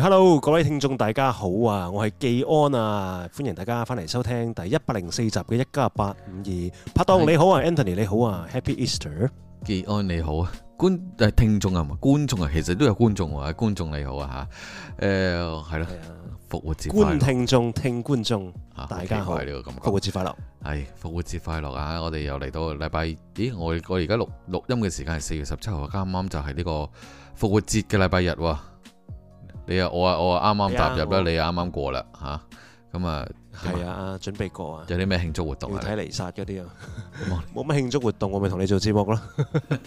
Hello，各位聽眾大家好啊！我係季安啊，歡迎大家翻嚟收聽第一百零四集嘅一加八五二。52, 拍 a 你好啊是，Anthony 你好啊，Happy Easter！季安你好啊，眾啊，觀誒聽眾啊嘛，觀眾啊，其實都有觀眾啊，觀眾你好啊吓，誒係咯，復、啊、活節快樂！觀眾聽，聽觀眾，觀眾啊，大家好呢，okay, 個感覺，復活節快樂，係復、哎、活節快樂啊！我哋又嚟到禮拜，咦我我而家錄錄音嘅時間係四月十七號，啱啱就係呢個復活節嘅禮拜日。剛剛你啊，我啊，我啊，啱啱踏入啦，你啊，啱啱過啦，嚇，咁啊，係啊，準備過啊，有啲咩慶祝活動？要睇彌撒嗰啲啊，冇乜 慶祝活動，我咪同你做節目咯。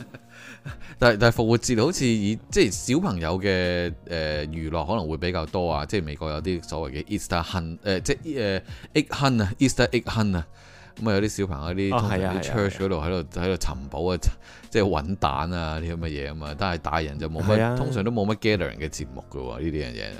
但係但係復活節好似以即係小朋友嘅誒娛樂可能會比較多啊，即係美國有啲所謂嘅、Easter hunt，呃呃、Easter hunt 即係誒 egg hunt 啊，Easter egg hunt 啊。咁啊有啲小朋友啲通常啲 church 嗰度喺度喺度尋寶、哦、啊，即係揾蛋啊啲咁嘅嘢啊嘛，但係大人就冇乜，啊、通常都冇乜 gathering 嘅節目嘅喎呢啲嘢。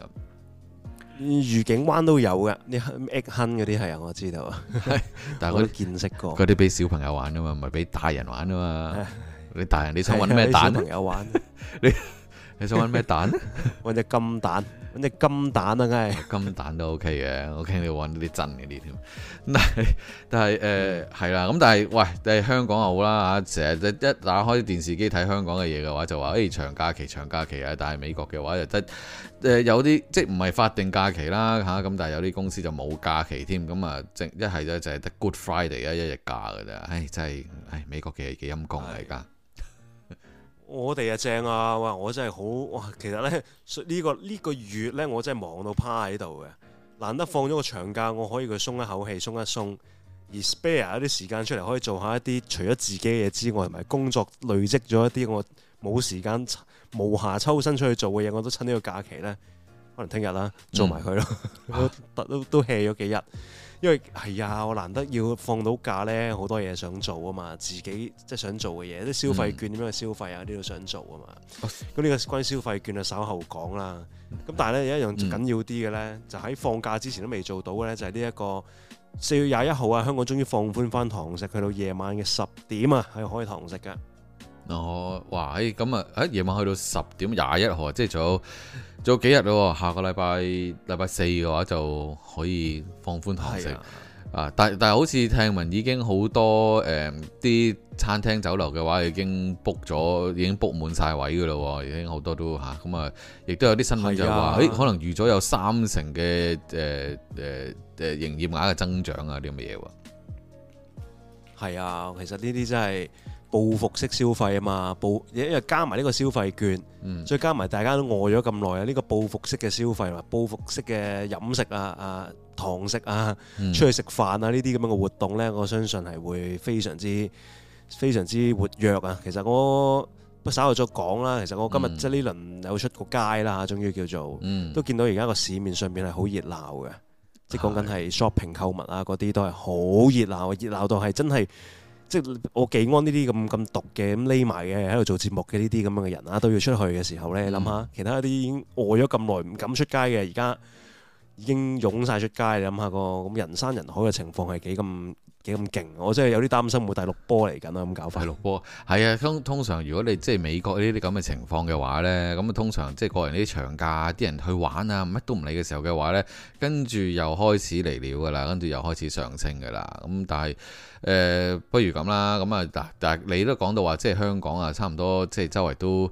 御景灣都有嘅，啲 Egg Hunt 嗰啲係啊，我知道。啊 那。但係我都見識過。嗰啲俾小朋友玩啊嘛，唔係俾大人玩啊嘛。 你大人 你想揾咩蛋？小朋友玩。你你想揾咩蛋？揾隻金蛋。咁你金蛋啊，梗係金蛋都 OK 嘅，我驚你要揾啲真嗰啲添。但係、呃、但係誒係啦，咁但係喂，但係香港又好啦嚇，成日一打開電視機睇香港嘅嘢嘅話，就話誒、欸、長假期長假期啊。但係美國嘅話就即誒有啲即係唔係法定假期啦嚇，咁但係有啲公司就冇假期添，咁啊一係咧就係得 Good Friday 嘅一日假㗎咋，唉、哎、真係唉、哎、美國嘅係幾陰公嚟㗎我哋啊正啊！哇，我真係好哇，其實呢呢、呢個呢、呢個月呢，我真係忙到趴喺度嘅，難得放咗個長假，我可以佢鬆一口氣，鬆一鬆，而 spare 一啲時間出嚟，可以做下一啲除咗自己嘅嘢之外，同埋工作累積咗一啲我冇時間無暇抽身出去做嘅嘢，我都趁呢個假期呢，可能聽日啦，做埋佢咯，突、嗯、 都都 hea 咗幾日。因為係啊、哎，我難得要放到假呢，好多嘢，想做啊嘛，自己即係想做嘅嘢，啲消費券點樣去消費啊，呢度、嗯、想做啊嘛。咁呢個關於消費券啊，稍後講啦。咁但係呢，有一樣緊要啲嘅呢，嗯、就喺放假之前都未做到嘅呢，就係呢一個四月廿一號啊，香港終於放寬翻，堂食去到夜晚嘅十點啊，係可以堂食㗎。我、哦、哇！咁、欸、啊，喺、欸、夜晚去到十點廿一號，即係仲仲有幾日咯、哦。下個禮拜禮拜四嘅話就可以放寬堂食啊。但但係好似聽聞已經好多誒啲、嗯、餐廳酒樓嘅話已經 book 咗，已經 book 滿晒位嘅咯。已經好多都吓咁啊，亦、嗯、都有啲新聞就話誒，可能預咗有三成嘅誒誒誒營業額嘅增長啊啲咁嘅嘢喎。係啊，其實呢啲真係～報復式消費啊嘛，報因為加埋呢個消費券，再、嗯、加埋大家都餓咗咁耐啊，呢、這個報復式嘅消費同埋報復式嘅飲食啊啊，堂食啊，啊啊嗯、出去食飯啊呢啲咁樣嘅活動呢，我相信係會非常之非常之活躍啊！其實我稍後再講啦，其實我今日、嗯、即係呢輪有出過街啦，吓，終於叫做，嗯、都見到而家個市面上面係好熱鬧嘅，嗯、即係講緊係 shopping 購物啊，嗰啲都係好熱鬧，熱鬧到係真係。嗯嗯即係我幾安呢啲咁咁毒嘅咁匿埋嘅喺度做節目嘅呢啲咁樣嘅人啊，都要出去嘅時候咧，諗下其他啲已經呆咗咁耐唔敢出街嘅而家。已經湧晒出街，你諗下個咁人山人海嘅情況係幾咁幾咁勁，我真係有啲擔心會第六波嚟緊啦，咁搞法。第六波係啊，通通常如果你即係美國呢啲咁嘅情況嘅話呢，咁啊通常即係過完呢啲長假，啲人去玩啊，乜都唔理嘅時候嘅話呢，跟住又開始嚟了㗎啦，跟住又開始上升㗎啦。咁但係誒、呃，不如咁啦，咁啊嗱，但係你都講到話即係香港啊，差唔多即係周圍都。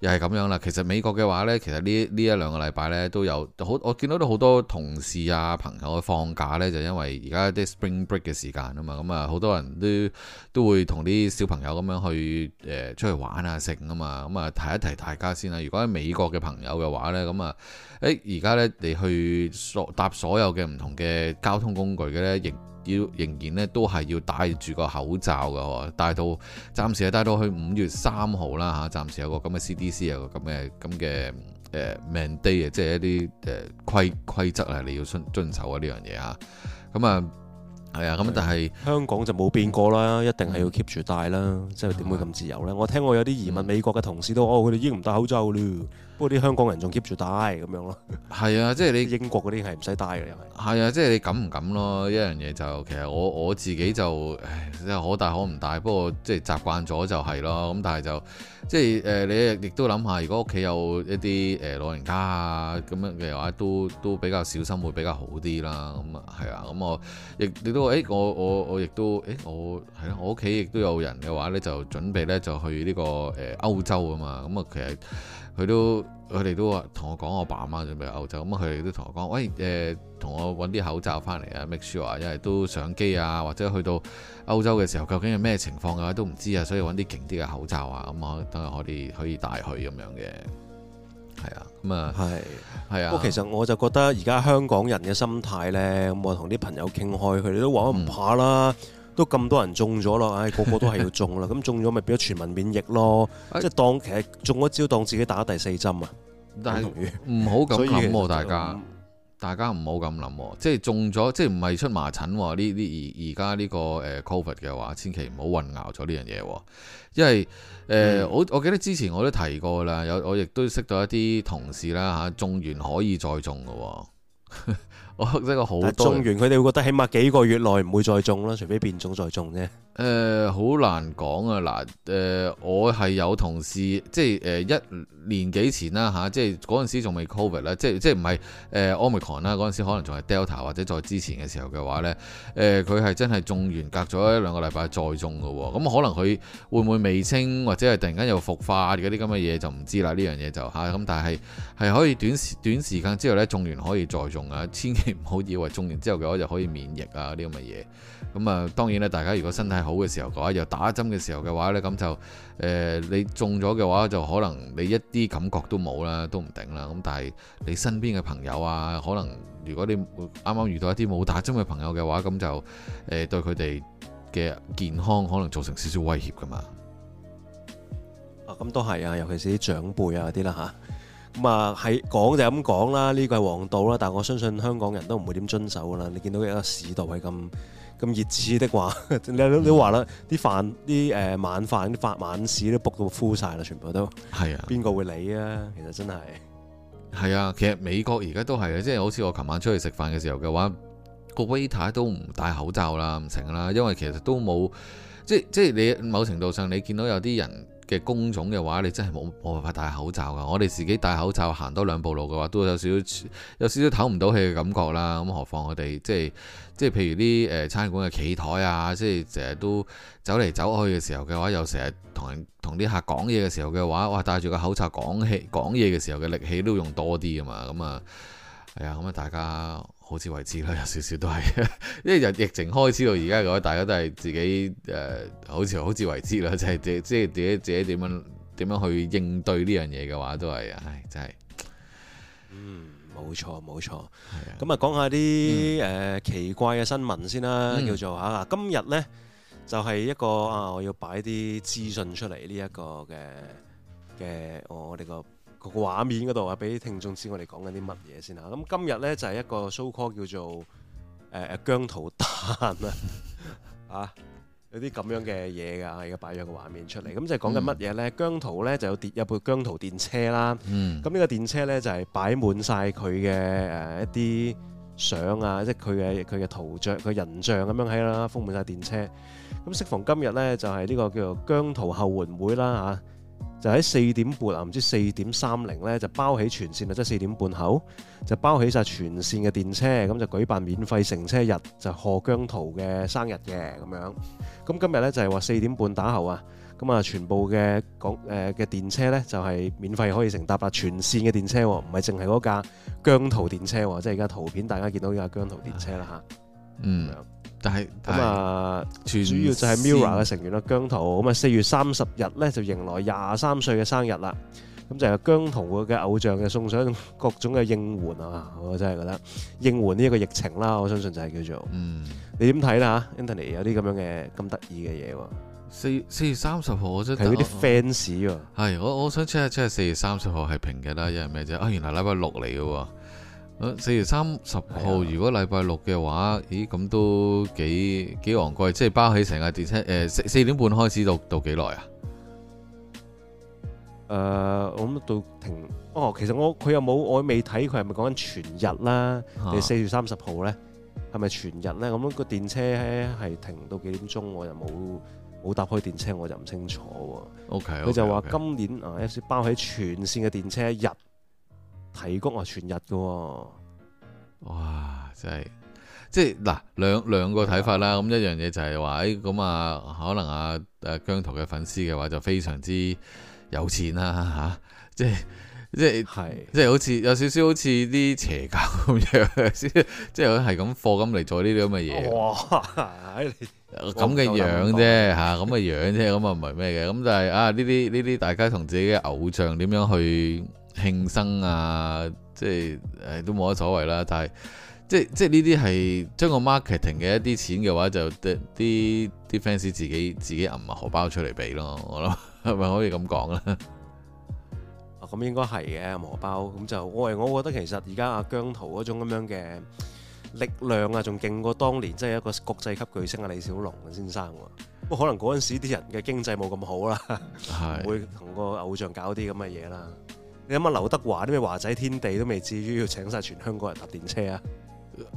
又係咁樣啦，其實美國嘅話呢，其實呢呢一,一兩個禮拜呢都有好，我見到都好多同事啊朋友去放假呢，就因為而家啲 Spring Break 嘅時間啊嘛，咁啊好多人都都會同啲小朋友咁樣去誒、呃、出去玩啊食啊嘛，咁、嗯、啊、嗯、提一提大家先啦。如果喺美國嘅朋友嘅話呢，咁啊誒而家呢，你去所搭所有嘅唔同嘅交通工具嘅呢。亦～要仍然咧都係要戴住個口罩嘅，戴到暫時啊戴到去五月三號啦嚇，暫、啊、時有個咁嘅 CDC 有個咁嘅咁嘅誒 mandate 啊，即係一啲誒規規則啊，你要遵遵守啊呢樣嘢嚇。咁啊係啊，咁、哎、但係香港就冇變過啦，一定係要 keep 住戴啦，即係點會咁自由咧？我聽我有啲移民美國嘅同事都哦佢哋已經唔戴口罩啦。不過啲香港人仲 keep 住戴咁樣咯，係啊，即係你英國嗰啲係唔使戴嘅，又係係啊，即係你敢唔敢咯？一樣嘢就其實我我自己就誒，即係可戴可唔戴。不過即係習慣咗就係咯。咁但係就即係誒、呃，你亦都諗下，如果屋企有一啲誒、呃、老人家啊咁樣嘅話，都都比較小心會比較好啲啦。咁啊係啊，咁我亦你都誒，我我我亦都誒，我係咯，我屋企亦都、欸啊、有人嘅話咧，你就準備咧就去呢、這個誒、呃、歐洲啊嘛。咁啊，其實～佢都佢哋都話同我講，我爸媽準備去歐洲，咁佢哋都同我講，喂誒，同、呃、我揾啲口罩翻嚟啊，make sure 啊，因為都上機啊，或者去到歐洲嘅時候，究竟係咩情況嘅話都唔知啊，所以揾啲勁啲嘅口罩啊，咁、嗯、啊，等我可以可以帶去咁樣嘅，係啊，咁啊係係啊，不過其實我就覺得而家香港人嘅心態呢，咁我同啲朋友傾開，佢哋都話唔怕啦。嗯都咁多人中咗咯，唉、哎，個個都係要中啦，咁 中咗咪變咗全民免疫咯？ 即係當其實中一招當自己打第四針啊！但係唔好咁諗喎， 就係、大家大家唔好咁諗，即係中咗即係唔係出麻疹呢？呢而而家呢個誒 COVID 嘅話，千祈唔好混淆咗呢樣嘢，因為誒我、嗯、我記得之前我都提過啦，有我亦都識到一啲同事啦嚇，中完可以再中噶。 我黑咗個好多，中完佢哋會覺得起碼幾個月內唔會再中啦，除非變種再中啫。誒、呃，好難講啊！嗱，誒，我係有同事，即係誒一年幾前啦吓、啊，即係嗰陣時仲未 covid 啦，即係即係唔係誒 omicron 啦，陣時可能仲係 delta 或者再之前嘅時候嘅話咧，誒、呃，佢係真係中完隔咗一兩個禮拜再中噶，咁、啊、可能佢會唔會未清或者係突然間又復發嗰啲咁嘅嘢就唔知啦，呢樣嘢就吓咁、啊，但係係可以短時短時間之後咧中完可以再中啊，千。你唔好以為中完之後嘅話就可以免疫啊，啲咁嘅嘢。咁啊，當然咧，大家如果身體好嘅時候嘅話，又打針嘅時候嘅話呢，咁就誒、呃，你中咗嘅話就可能你一啲感覺都冇啦，都唔定啦。咁但係你身邊嘅朋友啊，可能如果你啱啱遇到一啲冇打針嘅朋友嘅話，咁就誒、呃，對佢哋嘅健康可能造成少少威脅噶嘛。咁、啊、都係啊，尤其是啲長輩啊啲啦吓。咁啊，喺講就係咁講啦，呢個係黃道啦，但我相信香港人都唔會點遵守噶啦。你見到一個市道係咁咁熱刺的話， 你都話啦，啲飯啲誒晚飯啲發晚，晚市都 book 到枯晒啦，全部都係啊，邊個會理啊？其實真係係啊，其實美國而家都係啊，即係好似我琴晚出去食飯嘅時候嘅話，個 waiter 都唔戴口罩啦，唔成啦，因為其實都冇即即係你某程度上你見到有啲人。嘅工種嘅話，你真係冇冇辦法戴口罩㗎。我哋自己戴口罩行多兩步路嘅話，都有少少有少少透唔到氣嘅感覺啦。咁何況我哋即係即係譬如啲誒、呃、餐館嘅企台啊，即係成日都走嚟走去嘅時候嘅話，又成日同人同啲客講嘢嘅時候嘅話，哇，戴住個口罩講氣講嘢嘅時候嘅力氣都用多啲啊嘛。咁啊係啊，咁、哎、啊大家。好自為之啦，有少少都係， 因為由疫情開始到而家嘅話，大家都係自己誒、呃，好似好自為之啦，就係即係自己自己點樣點樣去應對呢樣嘢嘅話，都係，唉，真係，嗯，冇錯冇錯，係咁啊，講下啲誒奇怪嘅新聞先啦，嗯、叫做吓、啊，今日呢，就係、是、一個啊，我要擺啲資訊出嚟呢一個嘅嘅我我呢個。個畫面嗰度啊，俾啲聽眾知我哋講緊啲乜嘢先嚇。咁今日咧就係、是、一個 show call 叫做誒、呃、姜濤蛋 啊，啊有啲咁樣嘅嘢㗎，而家擺咗個畫面出嚟。咁就係講緊乜嘢咧？嗯、姜濤咧就有電有部姜濤電車啦。嗯。咁呢個電車咧就係、是、擺滿晒佢嘅誒一啲相啊，即係佢嘅佢嘅圖像、佢人像咁樣喺啦，封滿晒電車。咁適逢今日咧，就係、是、呢個叫做姜濤後援會啦嚇。啊就喺四點半啊，唔知四點三零呢，就包起全線啊，即係四點半後就包起晒全線嘅電車，咁就舉辦免費乘車日，就賀姜濤嘅生日嘅咁樣。咁今日呢，就係話四點半打後啊，咁啊全部嘅港誒嘅電車咧就係免費可以乘搭啊，全線嘅電車，唔係淨係嗰架姜濤電車，即係而家圖片大家見到呢架姜濤電車啦吓、啊，嗯。就係咁啊！主要就係 Mirror 嘅成員啦，姜濤咁啊，四月三十日咧就迎來廿三歲嘅生日啦。咁就係、是、姜濤嘅偶像嘅送上各種嘅應援啊！我真係覺得應援呢一個疫情啦，我相信就係叫做嗯，你點睇啦嚇？Anthony 有啲咁樣嘅咁得意嘅嘢喎。四四月三十號，我真睇嗰啲 fans 喎。係我我想 check 下 check 下四月三十號係平嘅啦，因為係咩啫？啊，原來禮拜六嚟嘅喎。四月三十號，的如果禮拜六嘅話，咦咁都幾幾昂貴，即係包起成架電車誒四四點半開始到到幾耐啊？誒、呃，我諗到停哦。其實我佢又冇，我未睇佢係咪講緊全日啦。其實四、啊、月三十號咧，係咪全日咧？咁、樣、個電車係停到幾點鐘？我又冇冇搭開電車，我就唔清楚。O K，佢就話今年啊，okay. 包起全線嘅電車日。提供啊全日嘅喎、哦，哇！真係即係嗱，兩兩個睇法啦。咁、啊嗯、一樣嘢就係、是、話，咁啊，可能阿、啊、阿姜濤嘅粉絲嘅話就非常之有錢啦、啊，吓、啊！即係即係係，即係好似有少少好似啲邪教咁樣呵呵，即係佢係咁貨咁嚟做呢啲咁嘅嘢。哇！咁、哎、嘅樣啫，吓咁嘅樣啫，咁 啊唔係咩嘅。咁就係啊呢啲呢啲，大家同自己嘅偶，偶像點樣去？慶生啊，即係誒都冇乜所謂啦，但係即係即係呢啲係將個 marketing 嘅一啲錢嘅話，就啲啲 fans 自己自己揞埋荷包出嚟俾咯，我諗係咪可以咁講咧？咁、啊、應該係嘅，荷包咁就我我覺得其實而家阿姜圖姜濤嗰種咁樣嘅力量啊，仲勁過當年即係一個國際級巨星啊李小龍先生喎，不、啊、過可能嗰陣時啲人嘅經濟冇咁好啦，係是 會同個偶像搞啲咁嘅嘢啦。你諗下劉德華啲咩華仔天地都未至於要請晒全香港人搭電車啊？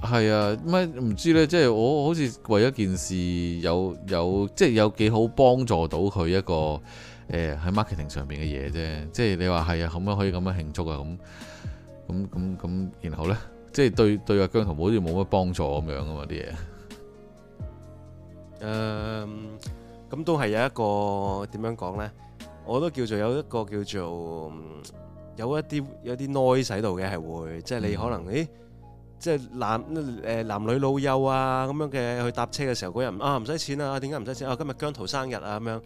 係啊，乜唔知咧？即係我好似為咗件事有有即係有幾好幫助到佢一個誒喺 marketing 上邊嘅嘢啫。即係你話係啊，可唔可以咁樣慶祝啊，咁咁咁咁，然後咧，即係對對阿姜濤好似冇乜幫助咁樣噶嘛，啲嘢。誒、嗯，咁都係有一個點樣講咧？我都叫做有一個叫做。有一啲有啲 noise 喺度嘅係會，即係你可能，誒、嗯欸，即係男誒男女老幼啊咁樣嘅去搭車嘅時候，嗰日啊唔使錢啊，點解唔使錢啊？啊今日姜濤生日啊咁樣，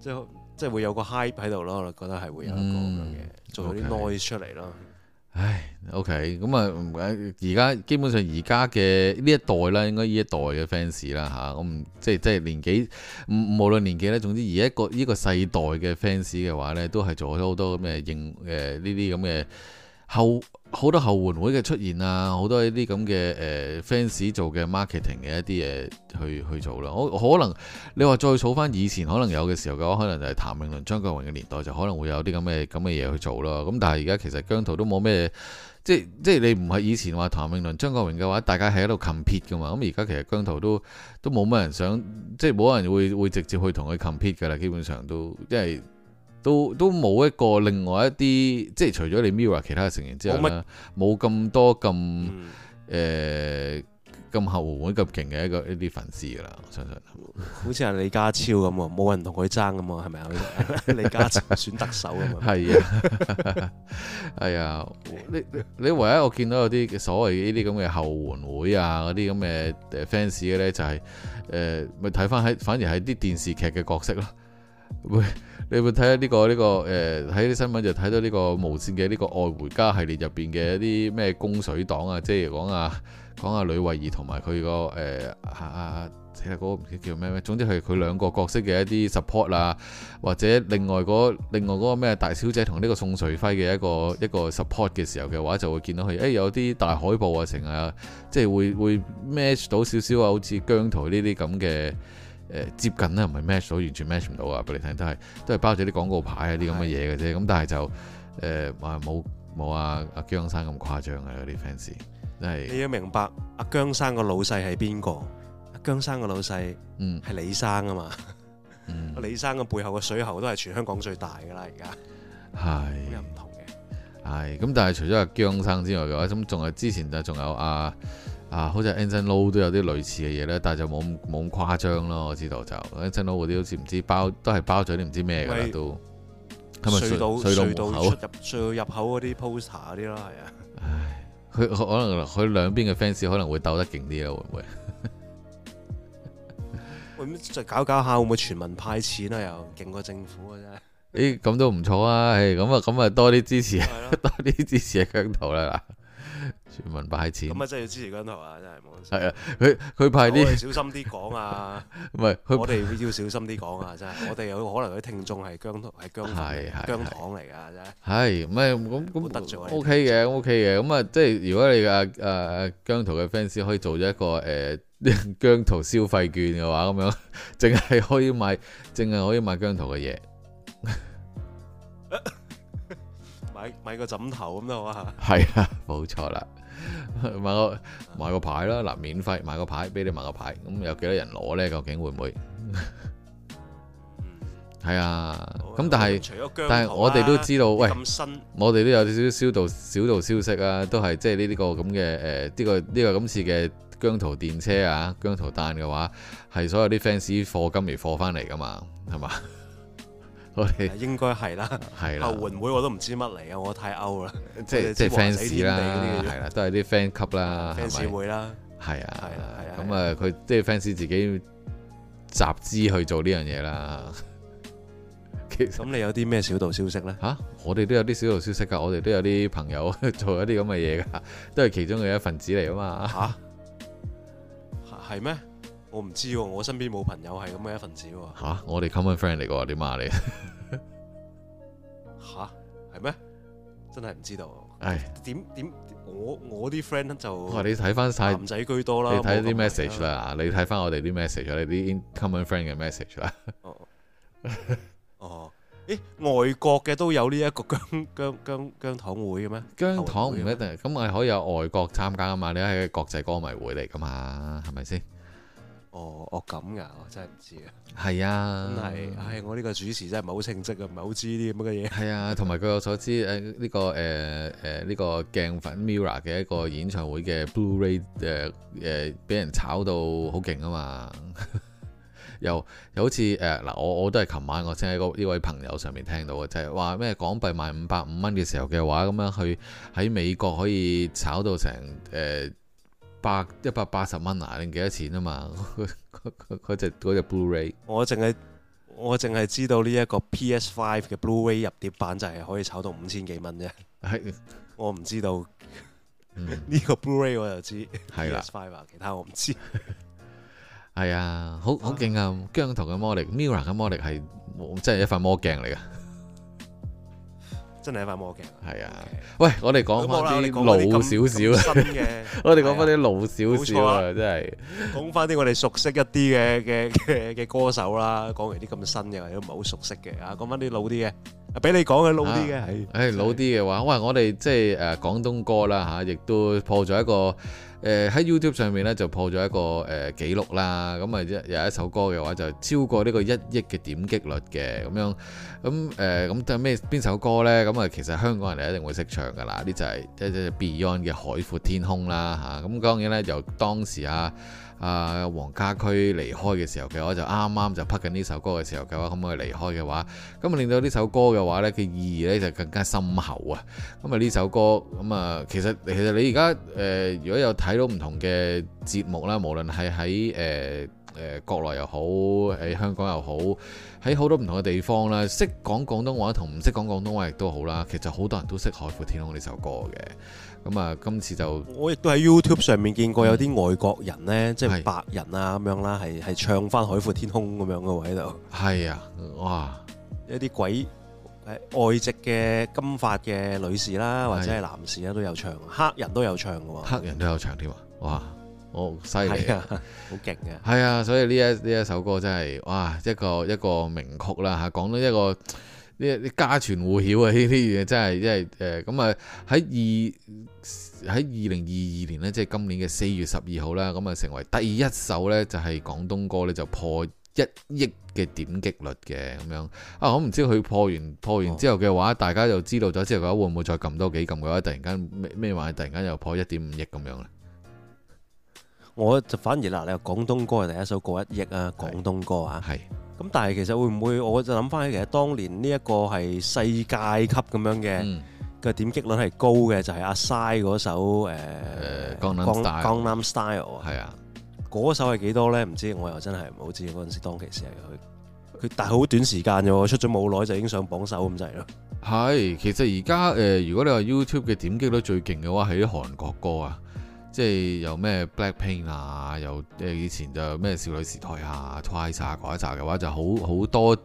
即係即係會有個 hype 喺度咯，覺得係會有一個咁樣嘅，做啲、嗯、noise 出嚟咯。Okay. 唉，OK，咁啊，而家基本上而家嘅呢一代啦，應該呢一代嘅 fans 啦、啊、吓，我唔即係即係年紀，無論年紀咧，總之而一個呢個世代嘅 fans 嘅話咧，都係做咗好多咁嘅認誒呢啲咁嘅後。好多後援會嘅出現啊，好多一啲咁嘅誒 fans 做嘅 marketing 嘅一啲嘢去去做啦。我可能你話再儲翻以前可能有嘅時候嘅話，可能就係譚詠麟、張國榮嘅年代就可能會有啲咁嘅咁嘅嘢去做啦。咁但係而家其實姜濤都冇咩，即係即係你唔係以前話譚詠麟、張國榮嘅話，大家係喺度 compete 嘅嘛。咁而家其實姜濤都都冇乜人想，即係冇人會會直接去同佢 compete 嘅啦。基本上都即係。都都冇一個另外一啲，即係除咗你 Mirror 其他嘅成員之外，咧的，冇咁多咁誒咁後援會咁勁嘅一個一啲粉絲噶啦，我相信。好似係李家超咁啊，冇 人同佢爭咁啊，係咪啊？ 李家超選特首啊嘛。係 是啊，係 啊，你你，你唯一我見到有啲所謂呢啲咁嘅後援會啊，嗰啲咁嘅誒 fans 嘅咧，就係誒咪睇翻喺反而係啲電視劇嘅角色咯。 會你會睇下呢個呢、這個誒，睇、呃、啲新聞就睇到呢個無綫嘅呢個愛回家系列入邊嘅一啲咩供水黨啊，即係講啊講啊呂慧儀同埋佢個誒啊啊，嗰個唔知叫咩咩，總之係佢兩個角色嘅一啲 support 啊，或者另外嗰、那個、另外個咩大小姐同呢個宋瑞輝嘅一個一個 support 嘅時候嘅話，就會見到佢誒、欸、有啲大海報啊，成啊，即係會會 match 到少少啊，好似姜濤呢啲咁嘅。誒接近咧，唔係 match 到，完全 match 唔到啊！俾你聽都係都係包住啲廣告牌是的、呃、啊啲咁嘅嘢嘅啫。咁但係就誒話冇冇阿阿姜生咁誇張啊！嗰啲 fans，你係你要明白阿姜生個老細係邊個？阿姜生個老細嗯係李生啊嘛，嗯， 李生個背後嘅水喉都係全香港最大噶啦，而家，係唔是的 同嘅，係咁。但係除咗阿姜生之外嘅話，咁仲係之前就仲有阿。啊啊，好似 Anson Lo 都有啲類似嘅嘢咧，但係就冇冇咁誇張咯。我知道就 Anson Lo 嗰啲好似唔知包都係包咗啲唔知咩㗎啦，都係咪隧道隧道入口、隧道入口嗰啲 poster 嗰啲咯，係啊。佢可能佢兩邊嘅 fans 可能會鬥得勁啲咯，會唔會， 會，會？會唔會再搞搞下？會唔會全民派錢啊？又勁過政府啊！真 係。誒，咁都唔錯啊！誒，咁啊，咁啊，多啲支持啊， 多啲支持阿姜濤啦！ 全民派錢，咁啊真係要支持姜濤啊！真係冇錯，係啊，佢佢派啲小心啲講啊，唔係 我哋要小心啲講啊，真係，我哋有可能啲聽眾係姜濤係姜粉 姜糖嚟噶啫，係，唔係咁咁 OK 嘅，OK 嘅，咁、okay、啊，即係如果你嘅誒、啊、姜濤嘅 fans 可以做咗一個誒、啊、姜濤消費券嘅話，咁樣淨係可以買，淨係可以買姜濤嘅嘢。買買個枕頭咁咯，係啊，冇錯、啊、啦，買個買個牌啦，嗱，免費買個牌俾你買個牌，咁有幾多人攞咧？究竟會唔會？係、嗯、 啊，咁的但係是但係我哋都知道，啊、喂，我哋都有少少小道小道消息啊，都係即係呢呢個咁嘅誒，呢、呃這個呢、這個今、這個、次嘅姜濤電車啊，姜濤單嘅話，係所有啲 fans 貨金嚟貨翻嚟噶嘛，係嘛？ 應該係啦，係啦。後援會我都唔知乜嚟啊，我太 out 啦，即係即係 fans 啦，係啦，都係啲 fan 級啦，fans 會啦，係啊，係啊，咁啊，佢即係 fans 自己集資去做呢樣嘢啦。其實，咁你有啲咩小道消息咧？吓，我哋都有啲小道消息噶，我哋都有啲朋友做一啲咁嘅嘢噶，都係其中嘅一份子嚟啊嘛。吓，係咩？我唔知，我身邊冇朋友係咁嘅一份子吓。我哋 common friend 嚟噶，點啊你吓係咩？真係唔知道。係點點？我我啲 friend 就、啊、你睇翻晒男仔居多啦。你睇啲 message 啦、啊，你睇翻我哋啲 message，你啲 common friend 嘅 message 啦、 哦。哦哦哦。誒，外國嘅都有呢一個姜姜姜姜糖會嘅咩？姜糖唔一定咁，係可以有外國參加啊嘛。你係國際歌迷會嚟噶嘛，係咪先？ 哦哦咁噶，我真係唔知啊。係啊，真、哎、係我呢個主持真係唔係好稱職啊，唔係好知啲咁嘅嘢。係啊，同埋據我所知，誒呢個誒誒呢個鏡粉 Mirror 嘅一個演唱會嘅 Blu-ray 誒誒，俾、呃呃、人炒到好勁啊嘛。 又又好似誒嗱，我我都係琴晚我先喺個呢位朋友上面聽到嘅，就係話咩港幣賣五百五蚊嘅時候嘅話，咁樣去喺美國可以炒到成誒，呃百一百八十蚊啊，定幾多錢啊嘛？ 嗰個嗰個嗰個，隻嗰隻 Blu-ray，我淨係我淨係知道呢一個 PS Five 嘅 Blu-ray 入碟版就係可以炒到五千幾蚊啫。係的我唔知道呢 個 Blu-ray，我就知。係啦的、PS Five 啊、其他我唔知。係啊，好好勁啊！姜濤嘅魔力 Mirror 嘅魔力係真係一塊魔鏡嚟噶。真係一塊魔鏡。係啊，嗯、喂，我哋講翻啲老少少新嘅。我哋講翻啲老少少啊，小小啊，真係講翻啲我哋熟悉一啲嘅嘅嘅嘅歌手啦。講完啲咁新嘅都唔係好熟悉嘅啊。講翻啲老啲嘅，俾你講嘅老啲嘅係。誒，老啲嘅話，喂，我哋即係誒廣東歌啦嚇，亦、啊、都破咗一個。誒喺 YouTube 上面咧就破咗一個誒、呃、紀錄啦，咁啊有，有一首歌嘅話就超過呢個一億嘅點擊率嘅咁樣，咁誒咁就咩邊首歌呢？咁啊其實香港人一定會識唱㗎啦，呢就係、是就是、Beyond 嘅《海闊天空》啦、啊、嚇，咁當然咧由當時啊。啊，黃家駒離開嘅時候嘅話就啱啱就拍緊呢首歌嘅時候嘅話，咁佢離開嘅話，咁啊令到呢首歌嘅話呢，佢意義呢就更加深厚啊！咁啊呢首歌，咁、嗯、啊其實其實你而家誒，如果有睇到唔同嘅節目啦，無論係喺誒誒國內又好，喺香港又好，喺好多唔同嘅地方啦，識講廣東話同唔識講廣東話亦都好啦，其實好多人都識《海闊天空》呢首歌嘅。咁啊，今次就我亦都喺 YouTube 上面見過有啲外國人呢，即係、嗯、白人啊，咁樣啦，係係唱翻《海闊天空》咁樣嘅喎喺度。係啊，哇！一啲鬼外籍嘅金髮嘅女士啦，啊、或者係男士啦都有唱，黑人都有唱嘅喎，黑人都有唱添啊！哇，我好犀利啊，好勁嘅。係啊，所以呢一呢一首歌真係哇，一個一個名曲啦嚇，講到一個呢呢家傳戶曉啊呢啲嘢真係，真係誒咁啊喺二。喺二零二二年呢，即係今年嘅四月十二號啦，咁啊成為第一首呢，就係廣東歌呢，就破一億嘅點擊率嘅咁樣啊！我唔知佢破完破完之後嘅話，哦、大家就知道咗之後嘅話，會唔會再撳多幾撳嘅話，突然間咩咩話，突然間又破一點五億咁樣咧？我就反而啦，你話廣東歌係第一首過一億啊，廣東歌啊，係咁，但係其實會唔會我就諗翻起其實當年呢一個係世界級咁樣嘅。嗯個點擊率係高嘅就係、是、阿 Sai 嗰首誒《呃、江南 style 光》南 style，啊，啊，嗰首係幾多咧？唔知我又真係唔好知嗰陣時當其時係佢，佢但係好短時間啫喎，出咗冇耐就已經上榜首咁滯咯。係，其實而家誒，如果你話 YouTube 嘅點擊率最勁嘅話，係啲韓國歌啊，即係有咩 Blackpink 啊，有誒以前就咩少女時代啊、Twice 啊嗰一扎嘅話，就好好多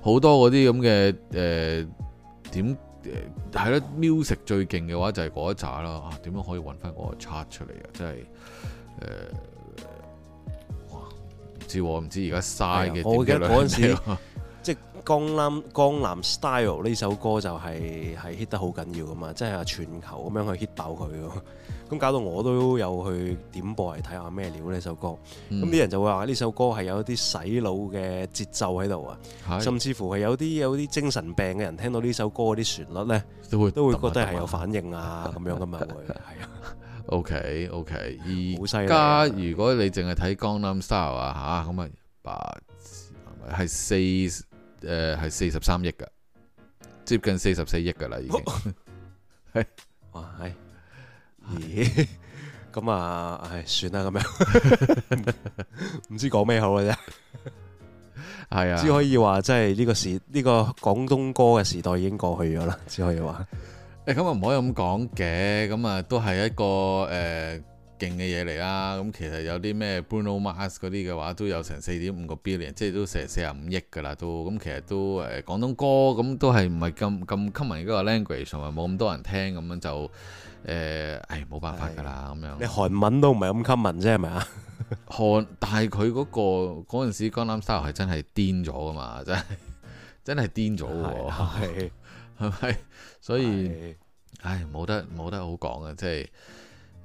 好多嗰啲咁嘅誒點。誒係咯，music 最勁嘅話就係嗰一紮啦啊！點樣可以揾翻嗰個 chart 出嚟啊？真係誒、呃，哇！唔知喎，唔知而家嘥嘅我記得嗰陣時， 即係《江南江南 style》呢首歌就係係 hit 得好緊要㗎嘛！即係全球咁樣去 hit 爆佢。嗯 咁搞到我都有去點播嚟睇下咩料呢、嗯、首歌，咁啲人就會話呢首歌係有啲洗腦嘅節奏喺度啊，的甚至乎係有啲有啲精神病嘅人聽到呢首歌嗰啲旋律呢，都會都會覺得係有反應啊，咁 樣噶嘛，會，係啊 的，OK OK，而家如果你淨係睇《江南 Style》啊吓？咁啊，係四誒係四十三億噶，接近四十四億噶啦已經，哇咦，咁、哎、啊，唉、哎，算啦，咁樣，唔 知講咩好嘅啫，係 啊，只可以話即係呢個時，呢、這個廣東歌嘅時代已經過去咗啦，只可以話。誒、欸，咁啊唔可以咁講嘅，咁啊都係一個誒勁嘅嘢嚟啦。咁、呃嗯、其實有啲咩 Bruno Mars 嗰啲嘅話，都有成四點五個 billion，即係都成四十五億噶啦都。咁、嗯、其實都誒廣、呃、東歌咁、嗯、都係唔係咁咁吸引嗰個 language，同埋冇咁多人聽，咁樣就。誒，哎，冇辦法噶啦，咁樣。你韓文都唔係咁吸引啫，係咪啊？韓， 但係佢嗰個嗰陣時江南、er、style 係真係癲咗噶嘛，真係真係癲咗喎，係係咪？所以，是唉，冇得冇得好講啊，即係誒，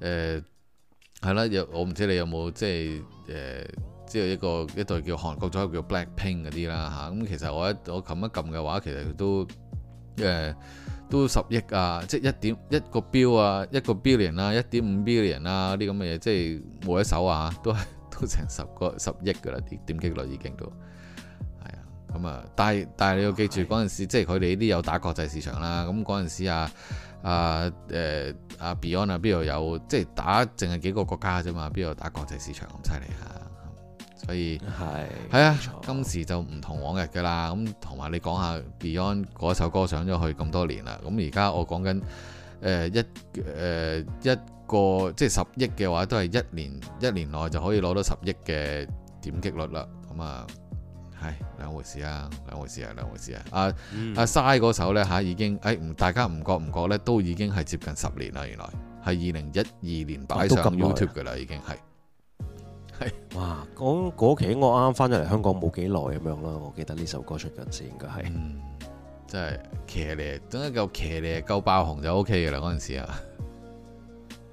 係、呃、啦，有我唔知你有冇即係誒，即係、呃、一個一代叫韓國咗叫 BLACKPINK 嗰啲啦吓，咁、嗯、其實我一我撳一撳嘅話，其實都誒。呃都十億啊！即係一點一個標啊，一個 billion 啦、啊，一點五 billion 啦、啊，啲咁嘅嘢，即係每一首啊，都係都成十個十億噶啦，啲點擊率已經都係啊！咁啊，但係但係你要記住嗰陣、哎、呀時，即係佢哋呢啲有打國際市場啦。咁嗰陣時啊啊誒啊 Beyond 啊，邊、呃、度、啊啊、有即係打淨係幾個國家啫嘛？邊度打國際市場咁犀利啊！所以係係是啊，錯今時就唔同往日㗎啦。咁同埋你講下 Beyond 嗰首歌上咗去咁多年啦。咁而家我講緊誒、呃、一誒、呃、一個即係十億嘅話，都係一年一年內就可以攞到十億嘅點擊率啦。咁啊係兩回事啊，兩回事啊，兩回事啊。啊嗯、啊阿阿 Sai 嗰首呢，嚇已經誒唔、哎、大家唔覺唔覺呢，都已經係接近十年啦。原來係二零一二年擺上 YouTube 嘅啦，已經係。係哇，講嗰期我啱啱翻咗嚟香港冇幾耐咁樣啦，我記得呢首歌出嗰陣時應該係，嗯，真係騎呢，得嚿騎呢夠爆紅就 OK 噶啦。嗰陣時啊，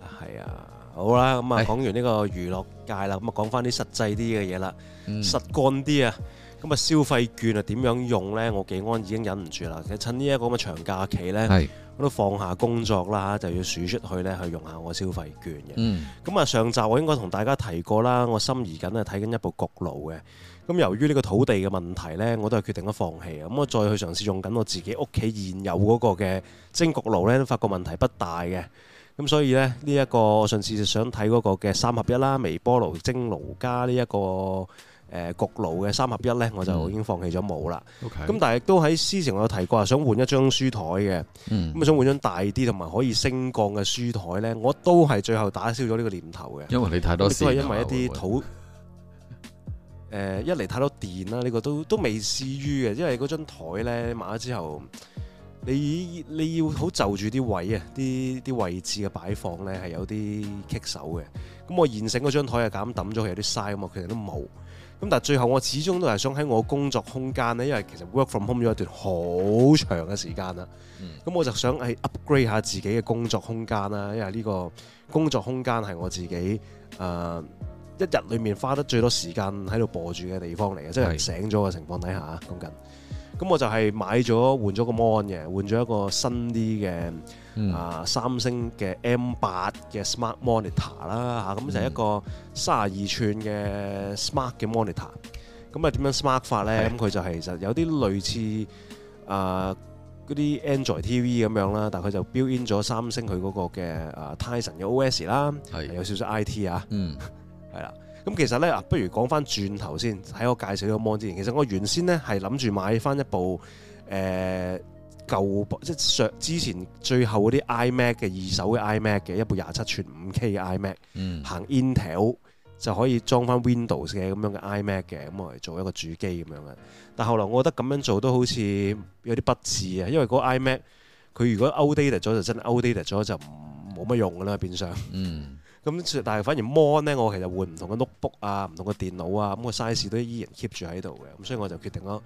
係、嗯、啊，好啦，咁啊講完呢個娛樂界啦，咁啊講翻啲實際啲嘅嘢啦，實幹啲啊，咁啊消費券啊點樣用咧？我紀安已經忍唔住啦，其實趁呢一個咁嘅長假期咧。我都放下工作啦，就要輸出去呢，去用下我消費券嘅。咁啊、嗯，上集我應該同大家提過啦，我心儀緊啊睇緊一部焗爐嘅。咁由於呢個土地嘅問題呢，我都係決定咗放棄。咁我再去嘗試用緊我自己屋企現有嗰個嘅蒸焗爐呢，都發覺問題不大嘅。咁所以呢，呢、這、一個我上次就想睇嗰個嘅三合一啦，微波爐蒸爐加呢、這、一個。誒焗爐嘅三合一咧，我就已經放棄咗冇啦。咁 Okay. 但係亦都喺之前我有提過，想換一張書台嘅，咁、嗯、想換張大啲同埋可以升降嘅書台咧，我都係最後打消咗呢個念頭嘅，因為你太多，都係因為一啲土誒、呃、一嚟太多電啦。呢、呢個都都未至於嘅，因為嗰張台咧買咗之後，你你要好就住啲位啊，啲啲位置嘅擺放咧係有啲棘手嘅。咁我現成嗰張台又咁抌咗，佢有啲嘥咁啊，其實都冇。咁但係最後我始終都係想喺我工作空間呢，因為其實 work from home 咗一段好長嘅時間啦。咁、嗯、我就想係 upgrade 下自己嘅工作空間啦，因為呢個工作空間係我自己誒、呃、一日裡面花得最多時間喺度播住嘅地方嚟嘅，即係是醒咗嘅情況底下啊。講緊，咁我就係買咗換咗個 mon 嘅，換咗一個新啲嘅。啊，嗯、三星嘅 M 八嘅 Smart Monitor 啦、嗯，嚇咁就一個三十二寸嘅 Smart 嘅 Monitor，咁啊點樣 Smart 化咧？咁佢是就其實有啲類似啊嗰、呃、啲 Android TV 咁樣啦，但佢就 build in 咗三星佢嗰個嘅啊 Tyson 嘅 OS 啦，係有少少 IT 啊，嗯，係啦。 咁其實咧啊，不如講翻轉頭先，喺我介紹咗 Mon 之前，其實我原先咧係諗住買翻一部誒。呃舊即係上之前最後嗰啲 iMac 嘅二手嘅 iMac 嘅一部廿七寸五 K 嘅 iMac、嗯、行 Intel 就可以裝翻 Windows 嘅咁樣嘅 iMac 嘅，咁我嚟做一個主機咁樣嘅。但後來我覺得咁樣做都好似有啲不智啊，因為嗰 iMac 佢如果 outdated 咗就真 outdated 咗就冇乜用噶啦，變相。咁、嗯、 但係反而 mon 咧，我其實換唔同嘅 notebook 啊，唔同嘅電腦啊，咁、個 size 都依然 keep 住喺度嘅，咁所以我就決定咯。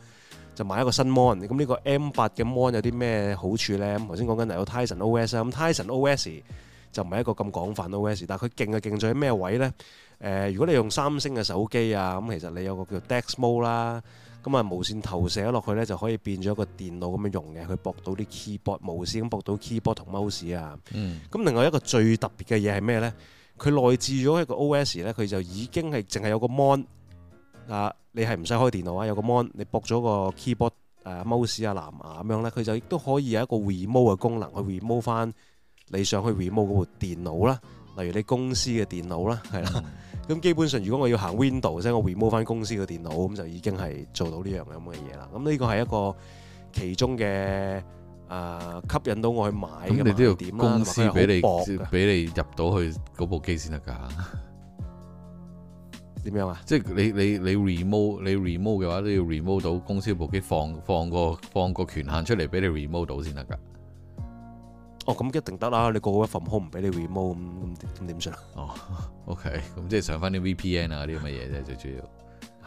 就買一個新 mon，咁呢個 M 八嘅 mon 有啲咩好處呢？咁頭先講緊有 Tizen OS 啊，咁 Tizen OS 就唔係一個咁廣泛 OS，但係佢勁嘅勁在喺咩位呢？誒，如果你用三星嘅手機啊，咁其實你有個叫 Dex Mode 啦，咁啊無線投射咗落去呢就可以變咗個電腦咁樣用嘅，佢駁到啲 keyboard 無線咁駁到 keyboard 同 mouse 啊。嗯。咁另外一個最特別嘅嘢係咩呢？佢內置咗一個 OS 呢，佢就已經係淨係有個 mon。啊！你係唔使開電腦啊，有個 mon，你駁咗個 keyboard，誒，mouse 啊、藍牙咁樣咧，佢就亦都可以有一個 remote 嘅功能去 remote 翻你想去 remote 嗰部電腦啦。例如你公司嘅電腦啦，係啦。咁基本上如果我要行 window，即係我 remote 翻公司嘅電腦，咁就已經係做到呢樣咁嘅嘢啦。咁呢個係一個其中嘅誒吸引到我去買嘅點啦。公司俾你綁，俾你入到去嗰部機先得㗎。點樣啊？即係你你你 remove 你 remove 嘅話都要 remove 到公司部機放放個放個權限出嚟俾你 remove 到先得噶。哦，咁一定得啦。你個個一份 home 唔俾你 remove，咁咁點算啊？哦，OK，咁即係上翻啲 VPN 啊啲咁嘅嘢啫，最主要。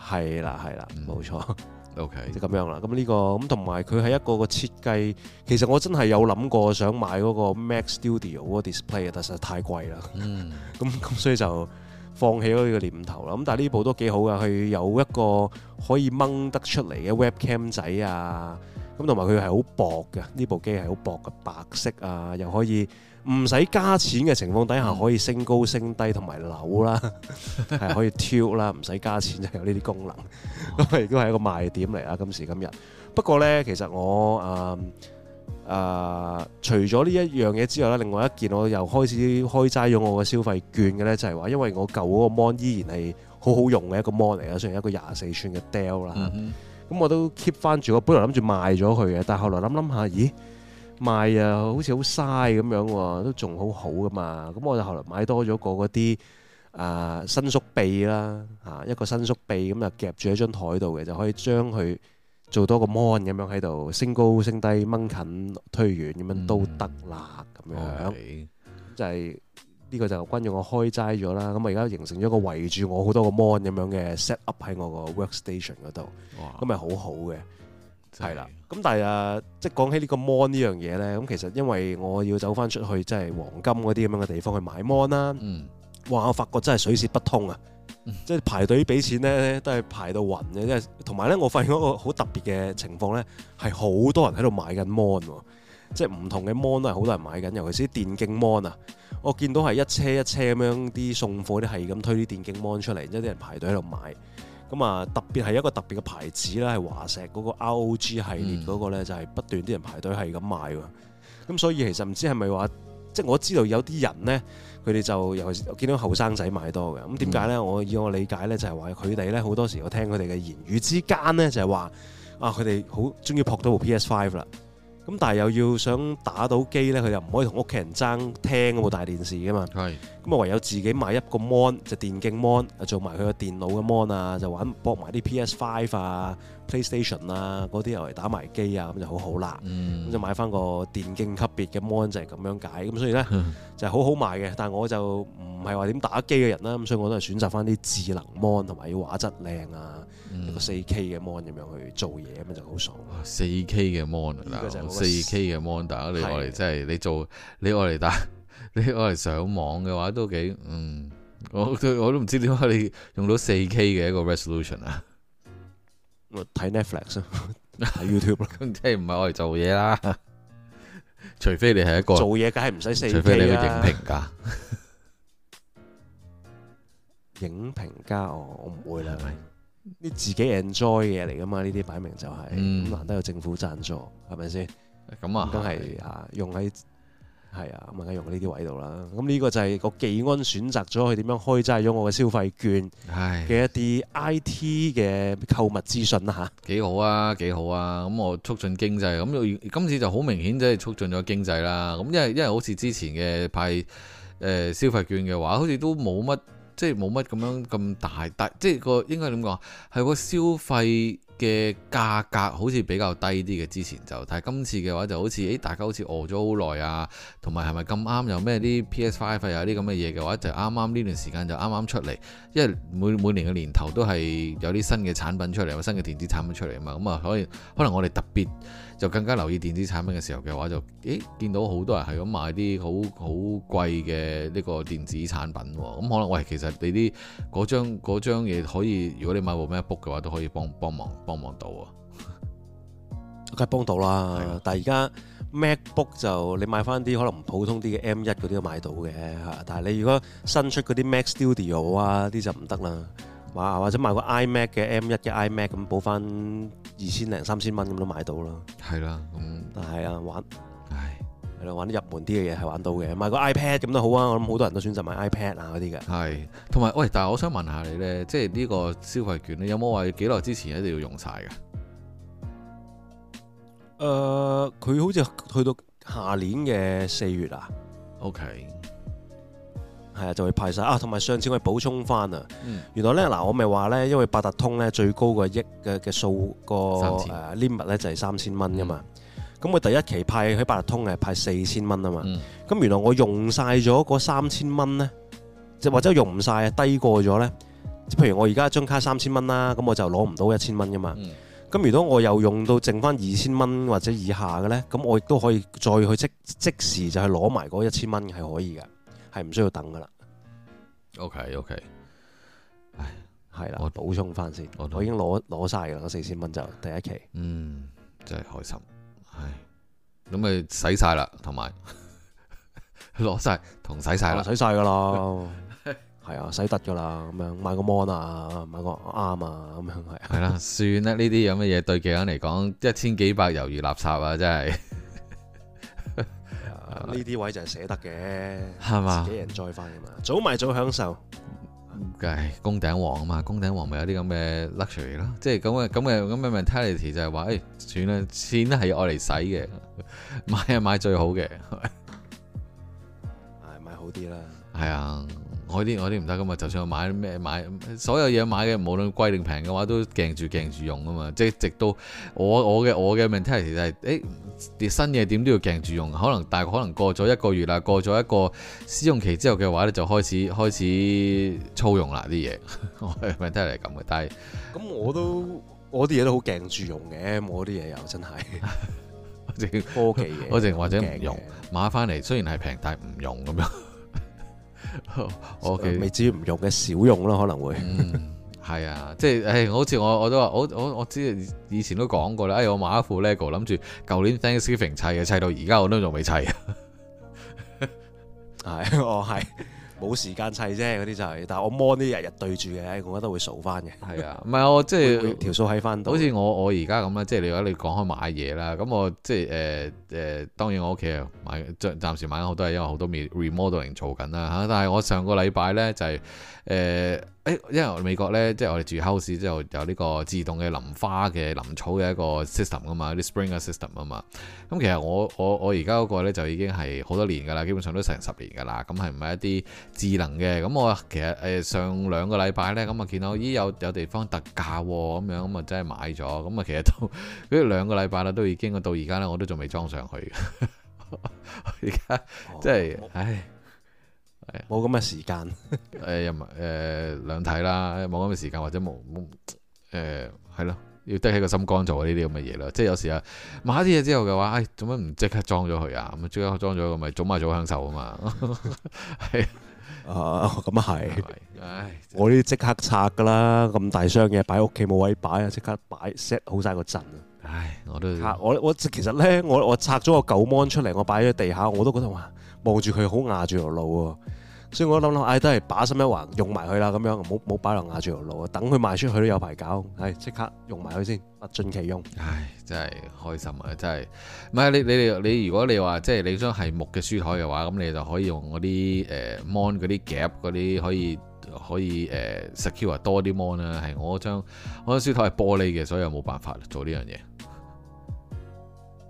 係啦係啦，冇錯。OK，即係咁樣啦。咁呢個咁同埋佢係一個個設計。其實我真係有諗過想買嗰個 Mac Studio 個 display，但係實在太貴啦。嗯，咁咁 所以就。放棄咗呢個念頭啦，咁但係呢部都幾好噶，佢有一個可以掹得出嚟嘅 webcam 仔啊，咁同埋佢係好薄嘅，呢部機係好薄嘅白色啊，又可以唔使加錢嘅情況底下可以升高、升低同埋扭啦，係 可以 tilt 啦，唔使加錢就有呢啲功能，咁亦都係一個賣點嚟啊。今時今日，不過呢，其實我誒。呃誒、呃，除咗呢一樣嘢之外咧，另外一件我又開始開齋咗我嘅消費券嘅咧，就係話，因為我舊嗰個 mon 依然係好好用嘅一個 mon 嚟嘅，雖然一個廿四寸嘅 Dell 啦，咁、嗯、我都 keep 翻住。我本來諗住賣咗佢嘅，但係後來諗諗下，咦賣啊，好似好嘥咁樣喎，都仲好好噶嘛。咁我就後來買多咗個嗰啲啊伸縮臂啦，啊一個伸縮臂咁啊夾住喺張台度嘅，就可以將佢，做多個 mon 咁樣喺度，升高升低掹近推遠咁樣都得啦，咁、嗯、樣、嗯、就係、是、呢、呢個就關於我開齋咗啦。咁我而家形成咗個圍住我好多個 mon 咁樣嘅 set up 喺我個 workstation 嗰度，咁咪哇好好嘅係啦。咁是但係啊，即係講起呢個 mon 呢樣嘢呢，咁其實因為我要走翻出去，即、就、係、是、黃金嗰啲咁樣嘅地方去買 mon 啦，哇、嗯！嘩我發覺真係水泄不通啊～即係排隊俾錢咧，都係排到暈嘅。即係同埋咧，我發現一個好特別嘅情況咧，係好多人喺度買緊 mon，即係唔同嘅 mon 都係好多人買緊，尤其是啲電競 mon 啊。我見到係一車一車咁樣啲送貨啲係咁推啲電競 mon 出嚟，然之後啲人排隊喺度買。咁啊，特別係一個特別嘅牌子啦，係華碩嗰個 ROG 系列嗰個咧，就係不斷啲人排隊係咁買。咁所以其實唔知係咪話，即係我知道有啲人咧。佢哋就尤其見到後生仔買多嘅，咁點解咧？我以我理解咧，就係話佢哋咧，好多時，我聽佢哋嘅言語之間咧，就係、是、話啊，佢哋好鍾意撲到部 PS Five 啦，咁但係又要想打到機咧，佢又唔可以同屋企人爭聽嗰部大電視噶嘛，咁啊是唯有自己買一個 mon 就是、電競 mon 啊，做埋佢嘅電腦嘅 mon 啊，就玩駁埋啲 PS Five 啊。PlayStation 啦、啊，嗰啲又係打埋機啊，咁就好好啦。咁、嗯、就買翻個電競級別嘅 mon 就係咁樣解。咁所以咧就係、是、好好賣嘅。 但係我就唔係話點打機嘅人啦。咁所以我都係選擇翻啲智能 mon 同埋要畫質靚啊，嗯、一個 4K 嘅 mon 咁樣去做嘢咁就好爽。四、哦、k 嘅 mon 啊，四 k 嘅 mon，你我嚟，的真係你做你我嚟打你我嚟上網嘅話都幾嗯，我都我都唔知點解你用到四 k 嘅一個 resolution 啊。我睇 Netflix YouTube 咯，即係唔係我嚟做嘢啦？除非你係一個 做嘢，梗係唔使 4K。除非你係影評家， 影評家我我唔會啦，係咪？你自己 enjoy 嘢嚟噶嘛？呢啲擺明就係、是、咁、嗯、難得有政府贊助，係咪先？咁啊，都係啊，用喺。係啊，咁啊用呢啲位度啦。咁、嗯、呢、這個就係個技安選擇咗佢點樣開齋咗我嘅消費券嘅一啲 I T 嘅購物資訊啦嚇。幾好啊幾好啊！咁、啊嗯、我促進經濟，咁、嗯、今次就好明顯即係促進咗經濟啦。咁、嗯、因為因為好似之前嘅派誒、呃、消費券嘅話，好似都冇乜即係冇乜咁樣咁大，但即係個應該點講係個消費。嘅價格好似比較低啲嘅之前就，但係今次嘅話就好似，誒大家好似餓咗好耐啊，同埋係咪咁啱有咩啲 PS Five 啊啲咁嘅嘢嘅話，就啱啱呢段時間就啱啱出嚟，因為每每年嘅年頭都係有啲新嘅產品出嚟，有新嘅電子產品出嚟啊嘛，咁、嗯、啊，所以可能我哋特別。就更加留意電子產品嘅時候嘅話就，就誒見到好多人係咁買啲好好貴嘅呢個電子產品喎、啊。咁、嗯、可能喂，其實你啲嗰張嗰張嘢可以，如果你買部 MacBook 嘅話，都可以幫幫忙幫忙到啊。梗係幫到啦，的但係而家 MacBook 就你買翻啲可能普通啲嘅 M1 嗰啲都買到嘅嚇，但係你如果新出嗰啲 Mac Studio 啊啲就唔得啦。哇，或者買個 iMac 嘅 M 一嘅 iMac 咁，補翻二千零三千蚊咁都買到啦。係啦，咁係啊，但玩，係係咯，玩啲入門啲嘅嘢係玩到嘅。買個 iPad 咁都好啊，我諗好多人都選擇買 iPad 啊嗰啲嘅。係，同埋喂，但係我想問下你咧，即係呢個消費券，你有冇話幾耐之前一定要用晒㗎？誒、呃，佢好似去到下年嘅四月啊。OK。係啊，就會派晒啊！同埋上次我哋補充翻啊，原來咧嗱，我咪話咧，因為八達通咧最高的億的的數個億嘅嘅數個誒 limit 咧就係三千蚊噶嘛。咁、嗯、我第一期派喺八達通係派四千蚊啊嘛。咁、嗯、原來我用晒咗嗰三千蚊咧，就或者用唔晒啊，低過咗咧。譬如我而家張卡三千蚊啦，咁我就攞唔到一千蚊噶嘛。咁、嗯、如果我又用到剩翻二千蚊或者以下嘅咧，咁我亦都可以再去即即時就去攞埋嗰一千蚊，係可以噶。係唔需要等噶啦，OK OK，唉，係啦的，補我充翻先，I know. 我已經攞攞晒啦，四千蚊就第一期，嗯，真係開心，唉，咁咪使晒啦，同埋攞晒同使晒啦，使晒噶啦，係啊，使得噶啦，咁樣 買個 mon 啊，買個啱啊，咁樣係，係啦，算啦，呢啲咁嘅嘢對其他人嚟講一千幾百猶如垃圾啊，真係。呢啲位就係捨得嘅，係嘛？自己人再翻嘅嘛，早買早享受。梗係，宮頂王啊嘛，宮頂王咪有啲咁嘅 luxury 咯，即係咁嘅咁嘅咁嘅 mentality 就係話，誒、哎，算啦，錢係愛嚟使嘅，買啊買最好嘅，係 買，買好啲啦。係啊，我啲我啲唔得噶嘛，就算我買咩買，所有嘢買嘅，無論貴定平嘅話，都鏡住鏡住用啊嘛，即係直到我我嘅我嘅 mentality 就係、是、誒。哎啲新嘢點都要鏡住用，可能大概可能過咗一個月啦，過咗一個試用期之後嘅話咧，就開始開始粗用啦啲嘢，我係咪都嚟咁嘅？但係咁我都我啲嘢都好鏡住用嘅，我啲嘢又真係我淨科技嘢，我淨或者唔用買翻嚟，雖然係平，但係唔用咁樣，我 Okay. 未至於唔用嘅少用咯，可能會。 係啊，即係，誒、哎，好似我我都話，我我我之以前都講過啦，誒、哎，我買一副 Lego，諗住舊年 Thanksgiving 砌嘅，砌到而家我都仲未砌。係、 哎，我係冇時間砌啫，嗰啲就係、是。但係我摸呢日日對住嘅，我覺得會數翻嘅。係啊，唔係我即係條數喺翻。 好似我我而家咁啦，即係你講你講開買嘢啦，咁我即係誒誒，當然我屋企買，暫暫時買好多，係因為好多 r remodeling 做緊啦吓。但係我上個禮拜咧就係、是、誒。呃呃誒，因為我美國咧，即係我哋住 house 之後有呢個自動嘅淋花嘅淋草嘅一個 system 啊嘛，啲 sprinkler system 啊嘛。咁其實我我我而家嗰個咧就已經係好多年㗎喇，基本上都成十年㗎喇。咁係唔係一啲智能嘅？咁我其實誒上兩個禮拜咧，咁啊見到咦有有地方特價咁啊樣，咁啊真係買咗。咁啊其實都，嗰兩個禮拜啦，都已經到而家咧，我都仲未裝上去。而家即係唉。冇咁嘅時間，誒又誒兩睇啦，冇咁嘅時間或者冇誒係咯，要得起個心肝做呢啲咁嘅嘢咯，即係有時啊買啲嘢之後嘅話，誒做咩唔即刻裝咗佢啊？咁即刻裝咗，咁咪早買早享受啊嘛，係咁啊係，唉、哦，是是哎、我呢啲即刻拆噶啦，咁大箱嘢擺喺屋企冇位擺啊，即刻擺 set 好晒個陣，唉、哎，我都、啊、我我其實咧，我我拆咗個狗芒出嚟，我擺喺地下，我都覺得話望住佢好壓住條路喎。所以我諗諗，哎，都係把心一橫，用埋佢啦，咁樣，冇冇擺樓下住條路，等佢賣出去都有排搞，係即刻用埋佢先，物盡其用。唉，真係開心啊，真係。唔係你你你，如果你話即係你張係木嘅書台嘅話，咁你就可以用嗰啲誒 mon 嗰啲夾嗰啲，可以可以誒 secure 多啲 mon 啦。係我張我張書台係玻璃嘅，所以冇辦法做呢樣嘢。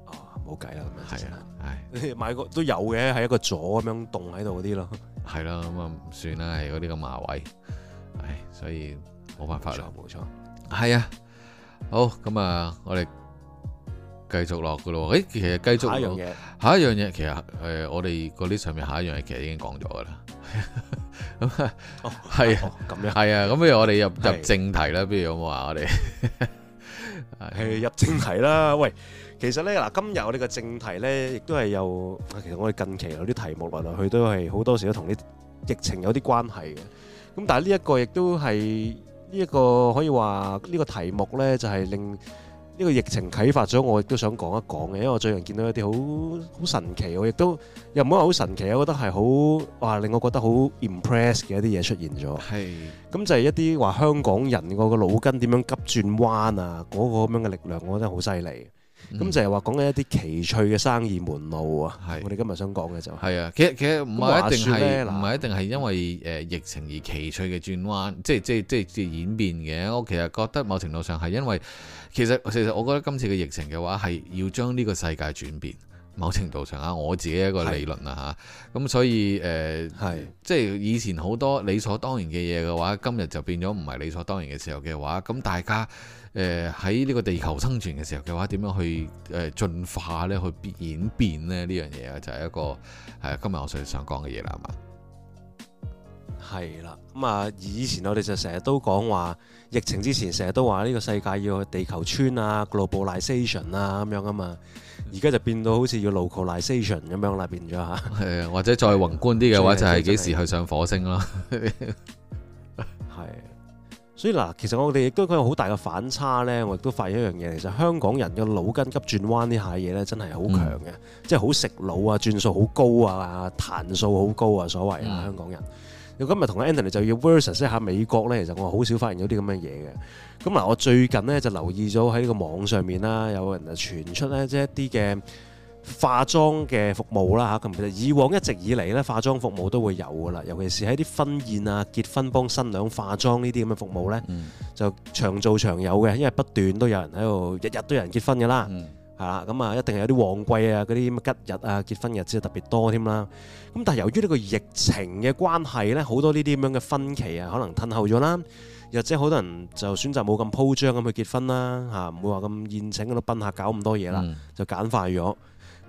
哦，冇計啦，咁樣係啦，係、啊、唉你買個都有嘅，係一個咗咁樣凍喺度嗰啲咯。係啦，咁啊唔算啦，係嗰啲咁麻位，唉，所以冇辦法啦。冇錯，冇錯，係啊。好，咁啊，我哋繼續落噶咯。誒，其實繼續下一樣嘢，下一樣嘢，其實誒、呃，我哋嗰啲上面下一樣嘢其實已經講咗噶啦。咁，係啊，係啊，咁不如我哋入的入正題啦。如好不如有冇啊？我哋。 係入正題啦！喂，其實咧嗱，今日我哋嘅正題咧，亦都係有。其實我哋近期有啲題目來來去都係好多時都同啲疫情有啲關係嘅。咁但係呢一個亦都係呢一個可以話呢個題目咧，就係令。呢個疫情啟發咗我，亦都想講一講嘅，因為我最近見到一啲好好神奇，我亦都又唔好話好神奇，我覺得係好哇，令我覺得好 impress 嘅一啲嘢出現咗。係，咁就係一啲話香港人個個腦筋點樣急轉彎啊，嗰個咁樣嘅力量，我覺得好犀利。咁、嗯、就係話講緊一啲奇趣嘅生意門路啊！係是我哋今日想講嘅就係、是、啊，其實其實唔係一定係唔係一定係因為誒、呃、疫情而奇趣嘅轉彎，即係即係即係演變嘅。我其實覺得某程度上係因為其實其實我覺得今次嘅疫情嘅話係要將呢個世界轉變。某程度上啊，我自己一個理論是啊。嚇。咁所以誒係、呃、是即係以前好多理所當然嘅嘢嘅話，今日就變咗唔係理所當然嘅時候嘅話，咁大家。誒喺呢個地球生存嘅時候嘅話，點樣去誒呃、進化咧？去演變咧？呢樣嘢啊，就係一個係、嗯、今日我最想講嘅嘢啦，係嘛？係啦，咁啊，以前我哋就成日都講話疫情之前，成日都話呢個世界要去地球村啊、globalization 啊咁樣啊嘛，而家就變到好似要 localization 咁樣啦，變咗嚇。係 啊、呃，或者再宏觀啲嘅話，對就係幾時去上火星啦？ 所以嗱，其實我哋亦都佢有好大嘅反差咧，我亦都發現一樣嘢，其實香港人嘅腦筋急轉彎呢下嘢咧，真係好強嘅，即係好食腦啊，轉數好高啊，彈數好高啊，所謂啊，嗯、香港人。今日同 Anthony 就要 versus 一下美國咧，其實我好少發現有啲咁嘅嘢嘅。咁嗱，我最近咧就留意咗喺個網上面啦，有人就傳出咧即係一啲嘅。化妝嘅服務啦嚇，咁其實以往一直以嚟咧，化妝服務都會有噶啦，尤其是喺啲婚宴啊、結婚幫新娘化妝呢啲咁嘅服務咧，嗯、就長做長有嘅，因為不斷都有人喺度，日日都有人結婚噶啦，係啦，咁啊，一定係有啲旺季啊，嗰啲乜吉日啊、結婚日子特別多添啦。咁但係由於呢個疫情嘅關係咧，好多呢啲咁樣嘅婚期啊，可能褪後咗啦，又即係好多人就選擇冇咁鋪張咁去結婚啦，嚇唔會話咁宴請嗰度賓客搞咁多嘢啦，嗯、就簡化咗。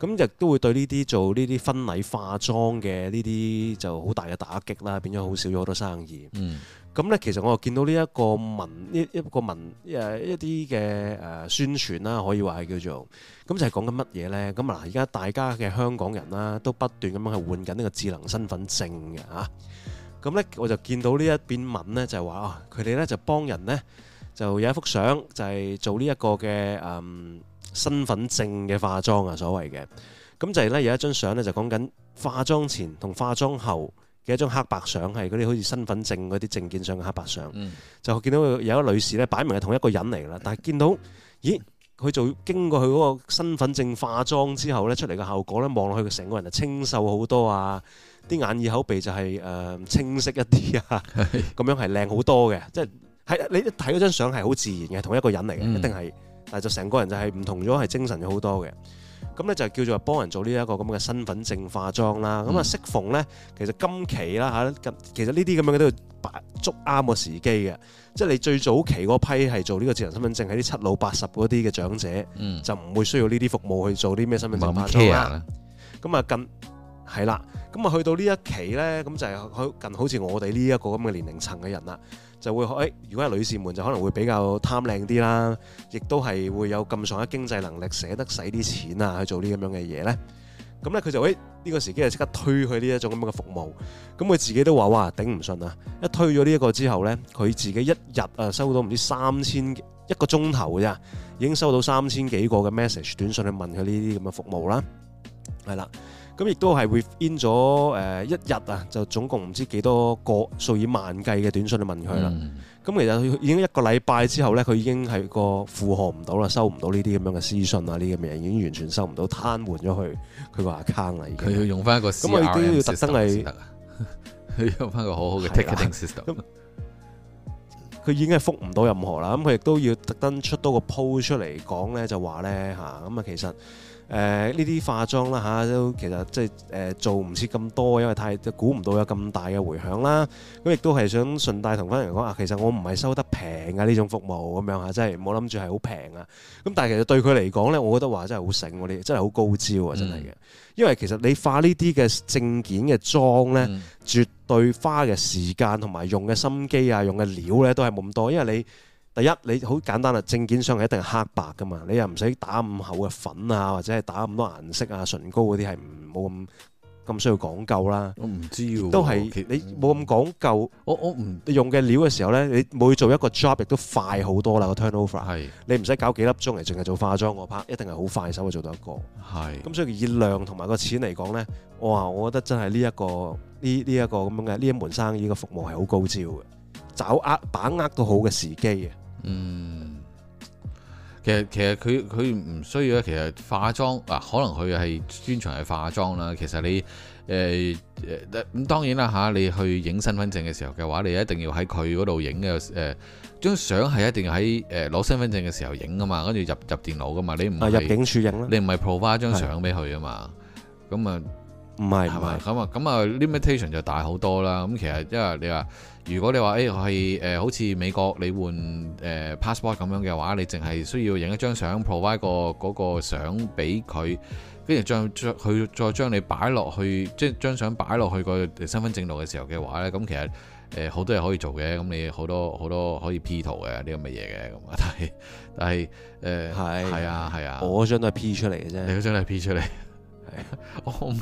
咁亦都會對呢啲做呢啲婚禮化妝嘅呢啲就好大嘅打擊啦，變咗好少咗好多生意。咁呢、嗯，其實我又見到呢一個文，呃、一一個文誒一啲嘅誒宣傳啦，可以話係叫做咁就係講緊乜嘢呢？咁嗱，而家大家嘅香港人啦，都不斷咁樣去換緊呢個智能身份證嘅吓。咁、啊、呢，我就見到呢一篇文呢，就係話啊，佢哋呢，就幫人呢，就有一幅相，就係做呢一個嘅嗯。身份證嘅化妝啊，所謂嘅咁就係咧，有一張相咧就講緊化妝前同化妝後嘅一張黑白相，係嗰啲好似身份證嗰啲證件上嘅黑白相，嗯、就見到有一個女士咧擺明係同一個人嚟啦，但係見到咦佢就經過佢嗰個身份證化妝之後咧出嚟嘅效果咧，望落去佢成個人就清秀好多啊，啲眼耳口鼻就係、是、誒、呃、清晰一啲啊，咁是樣係靚好多嘅，即係係你睇嗰張相係好自然嘅，同一個人嚟嘅，一定係。但係就成個人就係唔同咗，係精神咗好多嘅。咁咧就叫做幫人做呢一個咁嘅身份證化妝啦。咁啊適逢咧，其實今期啦嚇，近其實呢啲咁樣嘅都要捉啱個時機嘅。即係你最早期嗰批係做呢個智能身份證，喺啲七老八十嗰啲嘅長者，就唔會需要呢啲服務去做啲咩身份證化妝啦。咁啊近係啦，咁啊去到呢一期咧，咁就係好近，好似我哋呢一個咁嘅年齡層嘅人啦。就會可、哎，如果係女士們就可能會比較貪靚啲啦，亦都係會有咁上一經濟能力，捨得使啲錢啊去做啲咁樣嘅嘢呢。咁咧佢就喎，呢、哎這個時機就即刻推佢呢一種咁樣嘅服務。咁佢自己都話哇，頂唔順啊！一推咗呢一個之後呢，佢自己一日啊收到唔知三千一個鐘頭嘅咋，已經收到三千幾個嘅 message 短信去問佢呢啲咁嘅服務啦。係啦。咁亦都係會 in 咗誒一日啊，就總共唔知幾多個數以萬計嘅短信去問佢啦。咁、嗯、其實佢已經一個禮拜之後咧，佢已經係個負荷唔到啦，收唔到呢啲咁樣嘅私信啊，呢啲咁嘅嘢已經完全收唔到，癱瘓咗佢佢個 account 啦。佢要用翻一個，咁佢都要特登嚟，佢 用翻個好好嘅 ticketing system。佢、嗯統嗯、已經係覆唔到任何啦。咁佢亦都要特登出多個 post 出嚟講咧，就話咧嚇咁啊，其實。誒呢啲化妝啦嚇，都、啊、其實即係誒做唔切咁多，因為太估唔到有咁大嘅回響啦。咁、啊、亦都係想順帶同翻人講啊，其實我唔係收得平啊呢種服務咁樣嚇，即係冇諗住係好平啊。咁但係其實對佢嚟講咧，我覺得話真係好醒喎，你真係好高招啊，真係嘅。因為其實你化呢啲嘅證件嘅妝咧，嗯、絕對花嘅時間同埋用嘅心機啊，用嘅料咧都係冇咁多，因為你。第一你好簡單啊，證件上係一定黑白噶嘛，你又唔使打咁厚嘅粉啊，或者係打咁多顏色啊，唇膏嗰啲係唔冇咁咁需要講究啦。我唔知喎，都係你冇咁講究。我我唔用嘅料嘅時候咧，你每做一個 job 亦都快好多啦。個 turnover 係你唔使搞幾粒鐘嚟，淨係做化妝我拍，一定係好快手做到一個。係咁，所以以量同埋個錢嚟講咧，我話我覺得真係呢一個呢呢一個咁樣嘅呢一門生意嘅服務係好高招嘅，抓握把握到好嘅時機嘅。嗯，其實其實佢佢唔需要咧。其實化妝啊，可能佢係專長係化妝啦。其實你誒誒咁當然啦吓，你去影身份證嘅時候嘅話，你一定要喺佢嗰度影嘅誒，張相係一定喺誒攞身份證嘅時候影噶嘛，跟住入入電腦噶嘛。你唔係入境處影，你唔係 provide 翻一張相俾佢啊嘛，咁啊的。唔係，係咪咁啊？咁啊，limitation、嗯、就大好多啦。咁其實因為你話，如果你話誒係誒，好似美國你換誒、呃、passport 咁樣嘅話，你淨係需要影一張相，provide 個嗰、個相俾佢，跟住將將佢再將你擺落去，即係張相擺落去個身份證度嘅時候嘅話咧，咁其實誒好、呃、多嘢可以做嘅。咁你好多好多可以 P 圖嘅呢咁嘅嘢嘅。咁但係但係誒係係啊係啊，呃、的我張都係 P 出嚟嘅啫，你嗰張都係 P 出嚟。 我唔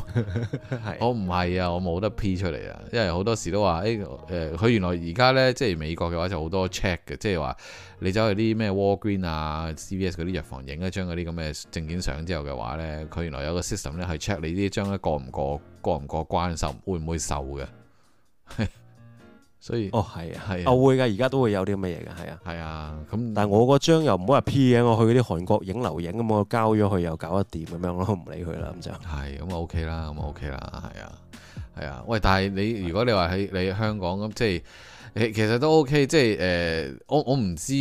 係，啊！我冇得 P 出嚟啊！因為好多時都話誒，誒、欸、佢、呃、原來而家呢，即係美國嘅話就好多 check 嘅，即係話你走去啲咩 Walgreens 啊、CVS 嗰啲藥房影一張嗰啲咁嘅證件相之後嘅話呢，佢原來有個 system 呢，去 check 你張呢張咧過唔過過唔過關受，受會唔會受嘅。 所以哦係、oh, yeah, yeah. 啊係啊我會噶而家都會有啲咁嘅嘢噶係啊係啊咁但係我嗰張又唔好話 P 嘅我去嗰啲韓國影留影咁我交咗去又搞得掂咁樣咯唔理佢啦咁就係咁啊 OK 啦咁啊 OK 啦係啊係啊喂但係你 Yeah. 如果你話喺你香港咁即係。誒其實都 OK，即係誒、呃、我我唔知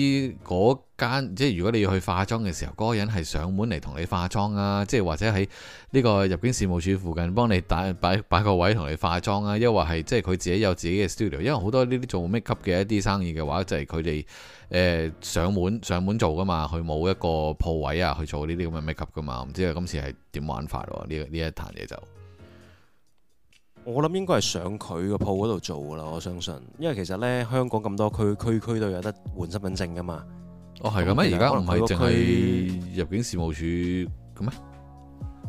嗰間即係如果你要去化妝嘅時候，嗰、嗰個人係上門嚟同你化妝啊，即係或者喺呢個入境事務處附近幫你打擺擺個位同你化妝啊，抑或係即係佢自己有自己嘅 studio，因為好多呢啲做 make up 嘅一啲生意嘅話，就係佢哋誒上門上門做噶嘛，佢冇一個鋪位啊去做呢啲咁嘅 make up 噶嘛，唔知啊今次係點玩法喎呢呢一壇嘢就。我諗應該係上佢個鋪嗰度做噶啦，我相信，因為其實咧香港咁多區區區都有得換身份證噶嘛。哦，係咁咩？而家唔係淨係入境事務處咁咩？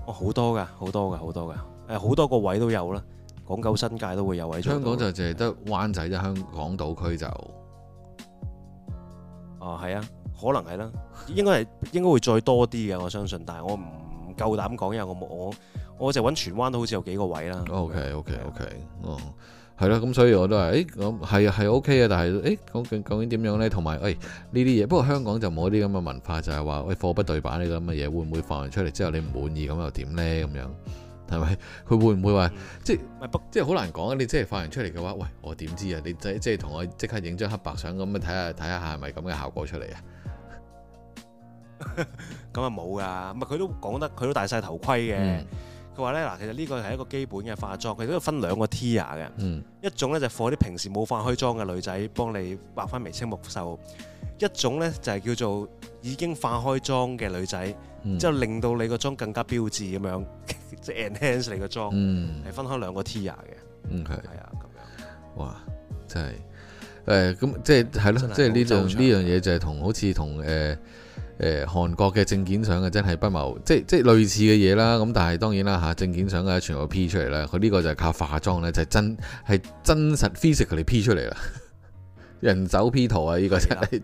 哦，好多噶，好多噶，好多噶，誒，好多個位都有啦，港九新界都會有位香有。香港就淨係得灣仔啫，香港島區就，哦、啊，係啊，可能係啦，應該係應該會再多啲嘅，我相信，但係我唔夠膽講，因為我冇。我我就揾荃灣都好似有幾個位啦。OK OK OK，哦、oh. 嗯，係咯，咁所以我都係，誒咁係啊，係、嗯、OK 啊，但係誒、欸，究竟究竟點樣咧？同埋誒呢啲嘢，不過香港就冇啲咁嘅文化，就係、是欸嗯、話，喂貨不對版呢咁嘅嘢，會唔會放完出嚟之後你唔滿意咁又點咧？咁樣係咪佢會唔會話即係即係好難講啊？你即係發完出嚟嘅話，喂我點知啊？你即即係同我即刻影張黑白相咁樣，睇下睇下係咪咁嘅效果出嚟啊？咁啊冇噶，佢都講得，佢都戴晒頭盔嘅。嗯話咧嗱，其實呢個係一個基本嘅化妝，佢都分兩個 tier 嘅，嗯、一種咧就放啲平時冇化開妝嘅女仔，幫你畫翻眉清目秀；一種咧就係叫做已經化開妝嘅女仔，嗯、之後令到你個妝更加標誌咁樣，即係 enhance 你個妝，係分開兩個 tier 嘅。嗯，係啊，咁樣哇，真係。誒咁即係係咯，即係呢樣呢樣嘢就係同好似同誒誒韓國嘅證件相嘅真係不謀，即即係類似嘅嘢啦。咁但係當然啦嚇，證件相嘅全部 P 出嚟啦，佢呢個就係靠化妝咧，就真係真實 physically 嚟 P 出嚟啦，人走 P 圖啊！呢個真係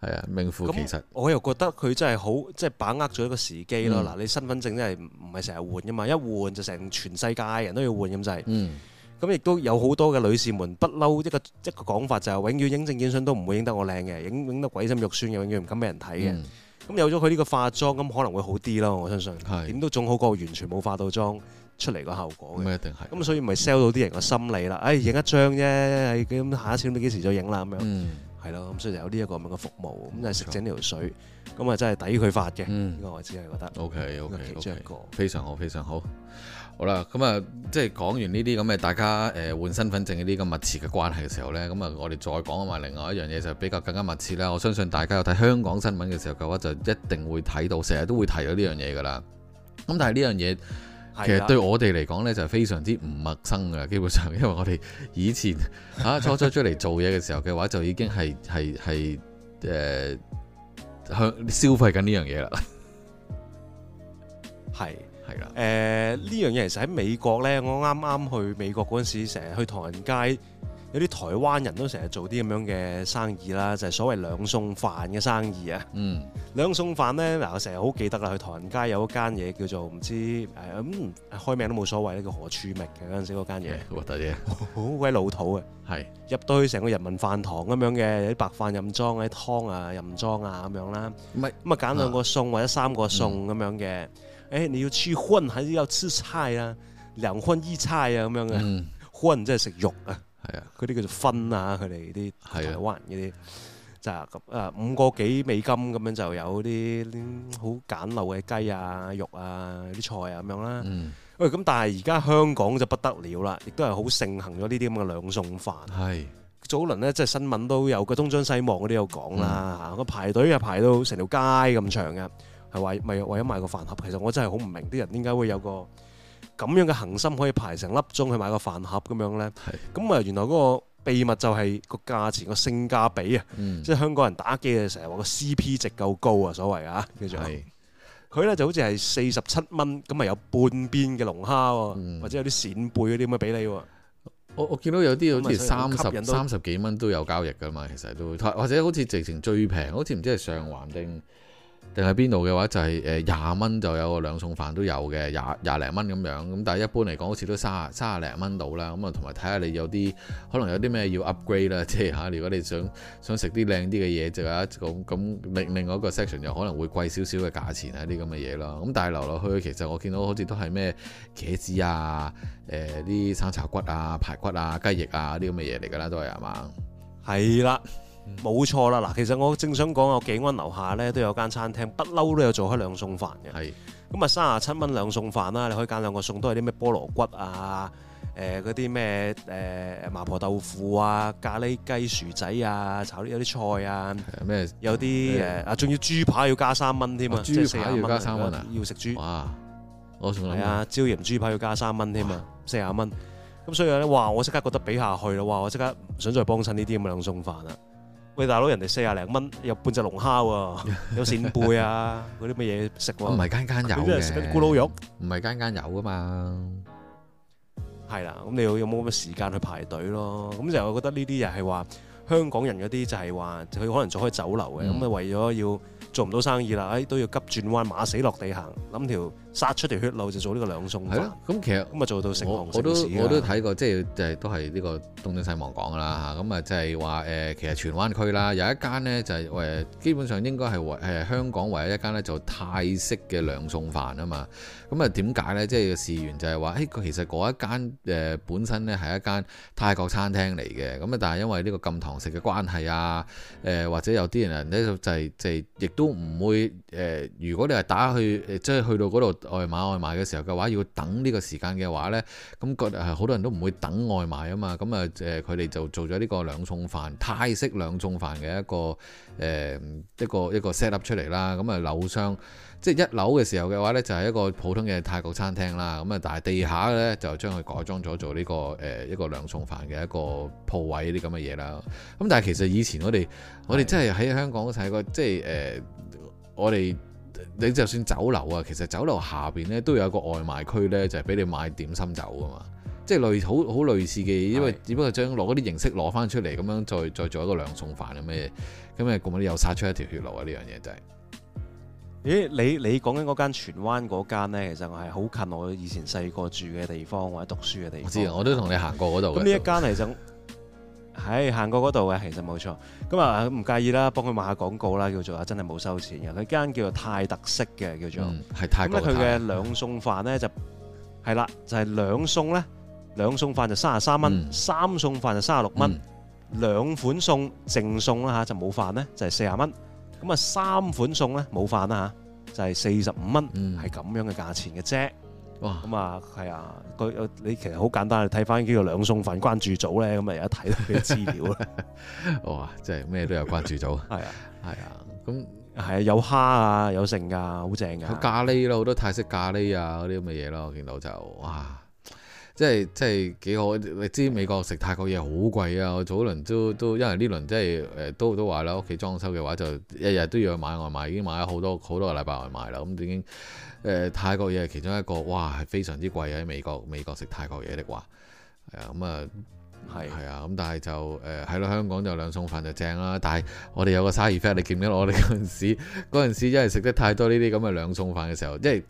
係啊，名副其實。我又覺得佢真係好即係把握咗一個時機咯。嗱，你身份證真係唔係成日換嘅嘛，一換就成全世界人都要換咁滯。嗯。咁亦都有好多嘅女士們，不嬲一個一個講法，就係永遠影證件相都唔會影得我靚嘅，影影得鬼心肉酸嘅，永遠唔敢俾人睇嘅。咁有咗佢呢個化妝，咁可能會好啲咯。我相信點都仲好過完全冇化到妝出嚟個效果嘅。咁一定係。咁所以咪 sell 到啲人個心理啦。唉，影一張啫，係咁，下一次唔知幾時再影啦咁樣。係咯，咁所以有呢一個咁嘅服務，咁就係食整條水，咁啊真係抵佢發嘅。呢個我只係覺得。OK OK。非常好，非常好。好啦，咁、嗯、啊，即係講完呢啲咁嘅大家誒、呃、換身份證嗰啲咁密切嘅關係嘅時候呢，咁、嗯、啊，我哋再講埋另外一樣嘢就比較更加密切啦。我相信大家有睇香港新聞嘅時候嘅話，就一定會睇到，成日都會提到呢樣嘢噶啦。咁但係呢樣嘢其實對我哋嚟講呢，就係、非常之唔陌生嘅，基本上因為我哋以前嚇、啊、初初出嚟做嘢嘅時候嘅話，就已經係係係誒向消費緊呢樣嘢啦，係。係啦，誒呢、嗯、樣嘢其實喺美國咧，我啱啱去美國嗰陣時，成日去唐人街，有啲台灣人都成日做啲咁樣嘅生意啦，就係、是、所謂兩餸飯嘅生意啊。嗯，兩餸飯咧，嗱我成日好記得啦，去唐人街有一間嘢叫做唔知誒咁、嗯、開名都冇所謂啦，叫何處明嘅嗰陣時嗰間嘢。核突嘅，好鬼老土嘅。係是入到去成個人民飯堂咁樣嘅，有啲白飯任裝，啲湯啊任裝啊咁樣啦。唔係咁啊，揀兩個餸或者三個餸咁樣嘅。嗯誒、哎，你要去葷，還是要吃菜啊？兩葷一菜啊，咁樣嘅葷即係食肉啊，係啊，嗰啲叫做葷啊，佢哋啲台灣嗰啲就咁啊，五個幾美金咁樣就有啲好簡陋嘅雞啊、肉啊、啲菜啊咁樣啦。喂、嗯，咁、哎、但係而家香港就不得了啦，亦都係好盛行咗呢啲咁嘅兩餸飯。係是早輪咧，即係新聞都有個東張西望嗰啲有講啦嚇，個、嗯啊、排隊啊排，排到成條街咁長嘅。係話咪為咗買個飯盒，其實我真係好唔明啲人點解會有個咁樣嘅恒心可以排成粒鐘去買個飯盒咁樣咧？咁啊是原來嗰個秘密就係個價錢、個性價比啊！嗯、即係香港人打機啊，成日話個 CP 值夠高啊，所謂啊叫做。佢咧是就好似係四十七蚊，咁咪有半邊嘅龍蝦喎、啊，嗯、或者有啲扇貝嗰啲咁嘅畀你喎。我我見到有啲好似三十三十幾蚊都有交易㗎嘛，其實都會或者好似直情最平，好似唔知係上環定。定係邊度嘅話，就係誒廿蚊就有個兩餸飯都有嘅，廿廿零蚊咁樣。咁但係一般嚟講，好似都三啊三啊零蚊到啦。咁啊，同埋睇下你有啲可能有啲咩要 upgrade 啦，即係嚇。如果你想想食啲靚啲嘅嘢就啊，咁咁另另外一個 section 就可能會貴少少嘅價錢啊啲咁嘅嘢咯。咁但係流落去，其實我見到好似都係咩茄子啊、誒、呃、啲生炒骨啊、排骨啊、雞翼啊啲咁嘅嘢嚟㗎啦，都係係嘛？係啦。冇錯啦嗱，其實我正想講啊，景安樓下咧都有間餐廳，不嬲都有做開兩餸是飯嘅。係咁啊，卅七蚊兩餸飯啦，你可以揀兩個餸，都係啲咩菠蘿骨啊、誒嗰啲咩誒麻婆豆腐啊、咖喱雞薯仔啊、炒啲有啲菜啊。咩麼有啲誒、嗯、啊？仲要豬扒要加三蚊添啊！豬扒哇、啊、要加三蚊啊！要食豬哇？係啊，椒鹽豬扒要加三蚊添啊，四十蚊咁，所以咧哇，我即刻覺得比下去啦。哇，我即刻唔想再幫襯呢啲咁嘅兩餸飯啦。喂，大佬，人哋四廿零蚊，有半隻龍蝦喎，有扇貝啊，嗰啲乜嘢食喎？唔係間間有嘅。咁即係食緊咕嚕肉，唔係間間有㗎嘛。係啦，咁你有冇咁嘅時間去排隊咯？咁就係我覺得呢啲又係話香港人嗰啲就係話，佢可能做開酒樓嘅，咁啊為咗要做唔到生意啦，誒都要急轉彎馬死落地行，諗條。殺出條血路就做呢個兩餸飯，係咁、嗯、其實咁啊做到成行成市，我都我都睇過，即係誒都係呢個東張西望講噶啦嚇，咁啊即係話誒，其實荃灣區啦有一間呢就係、是、誒，基本上應該係誒、呃、香港唯一一間咧做泰式嘅兩餸飯啊嘛。咁啊點解呢？即係事源就係話誒，其實嗰一間誒、呃、本身呢係一間泰國餐廳嚟嘅，咁啊但係因為呢個禁堂食嘅關係啊，誒、呃、或者有啲人呢就係即係亦都唔會誒、呃，如果你係打去即係、就是、去到嗰度。外賣外賣嘅時候嘅話，要等呢個時間嘅話呢，咁、那個係好多人都唔會等外賣啊嘛，咁啊誒佢哋就做咗呢個兩餸飯泰式兩餸飯嘅一個誒、呃、一個一個 set up 出嚟啦，咁啊樓上即係一樓嘅時候嘅話呢，就係、是、一個普通嘅泰國餐廳啦，咁啊但係地下呢，就將佢改裝咗做呢、這個誒、呃、一個兩餸飯嘅一個鋪，鋪位呢咁嘅嘢啦，咁但係其實以前我哋的我哋真係喺香港睇過，即係誒我哋。你就算酒樓啊，其實酒樓下邊咧都有一個外賣區咧，就係俾你買點心酒噶嘛，即係類好好類似嘅、嗯、因為只不過將攞嗰啲形式攞翻出嚟，咁樣再再做一個兩餸飯咁咩嘢，咁啊咁啊又殺出一條血路啊！呢樣嘢就係、係。咦？你你講緊嗰間荃灣嗰間咧，其實我係好近我以前細個住嘅地方或者讀書嘅地方，知啊，我都同你行過嗰度。咁呢一間其實。 係行過嗰度嘅，其實冇錯。咁啊唔介意啦，幫佢賣下廣告啦，叫做啊真係冇收錢嘅。佢間叫做泰特色嘅叫做，係泰國。咁佢嘅兩餸飯咧就係啦，就係兩餸咧，兩餸飯就三十三蚊，三餸飯就三十六蚊。兩款餸淨餸啦嚇，就冇飯咧就係四十蚊。咁啊三款餸咧冇飯啦嚇，就係四十五蚊，係咁樣嘅價錢嘅啫。哇，咁、嗯、啊，係啊，佢你其實好簡單，睇翻叫做兩餸飯，關注組咧，咁啊，有得睇啲資料咧。 哇，真係咩都有關注組，係 啊，係啊，咁係啊，啊，有蝦啊，有剩噶、啊，好正噶。咖喱咯，好多泰式咖喱啊，嗰啲咁嘅嘢咯，我見到就哇，即係即係幾好。你知美國食泰國嘢好貴啊，我早輪都都，因為呢輪即係誒都都話啦，屋企裝修嘅話就日日都要去買外賣，已經買咗好多好多個禮拜外賣啦，咁已經。誒、呃、泰國嘢係其中一個，哇係非常之貴啊！喺美國美國食泰國嘢的話，係啊咁啊，係係啊咁，但係就誒係咯，香港就兩餸飯就正啦。但係我哋有個生意，你記唔記得我哋嗰陣時嗰陣時，因為食得太多呢啲咁嘅兩餸飯嘅時候，即係。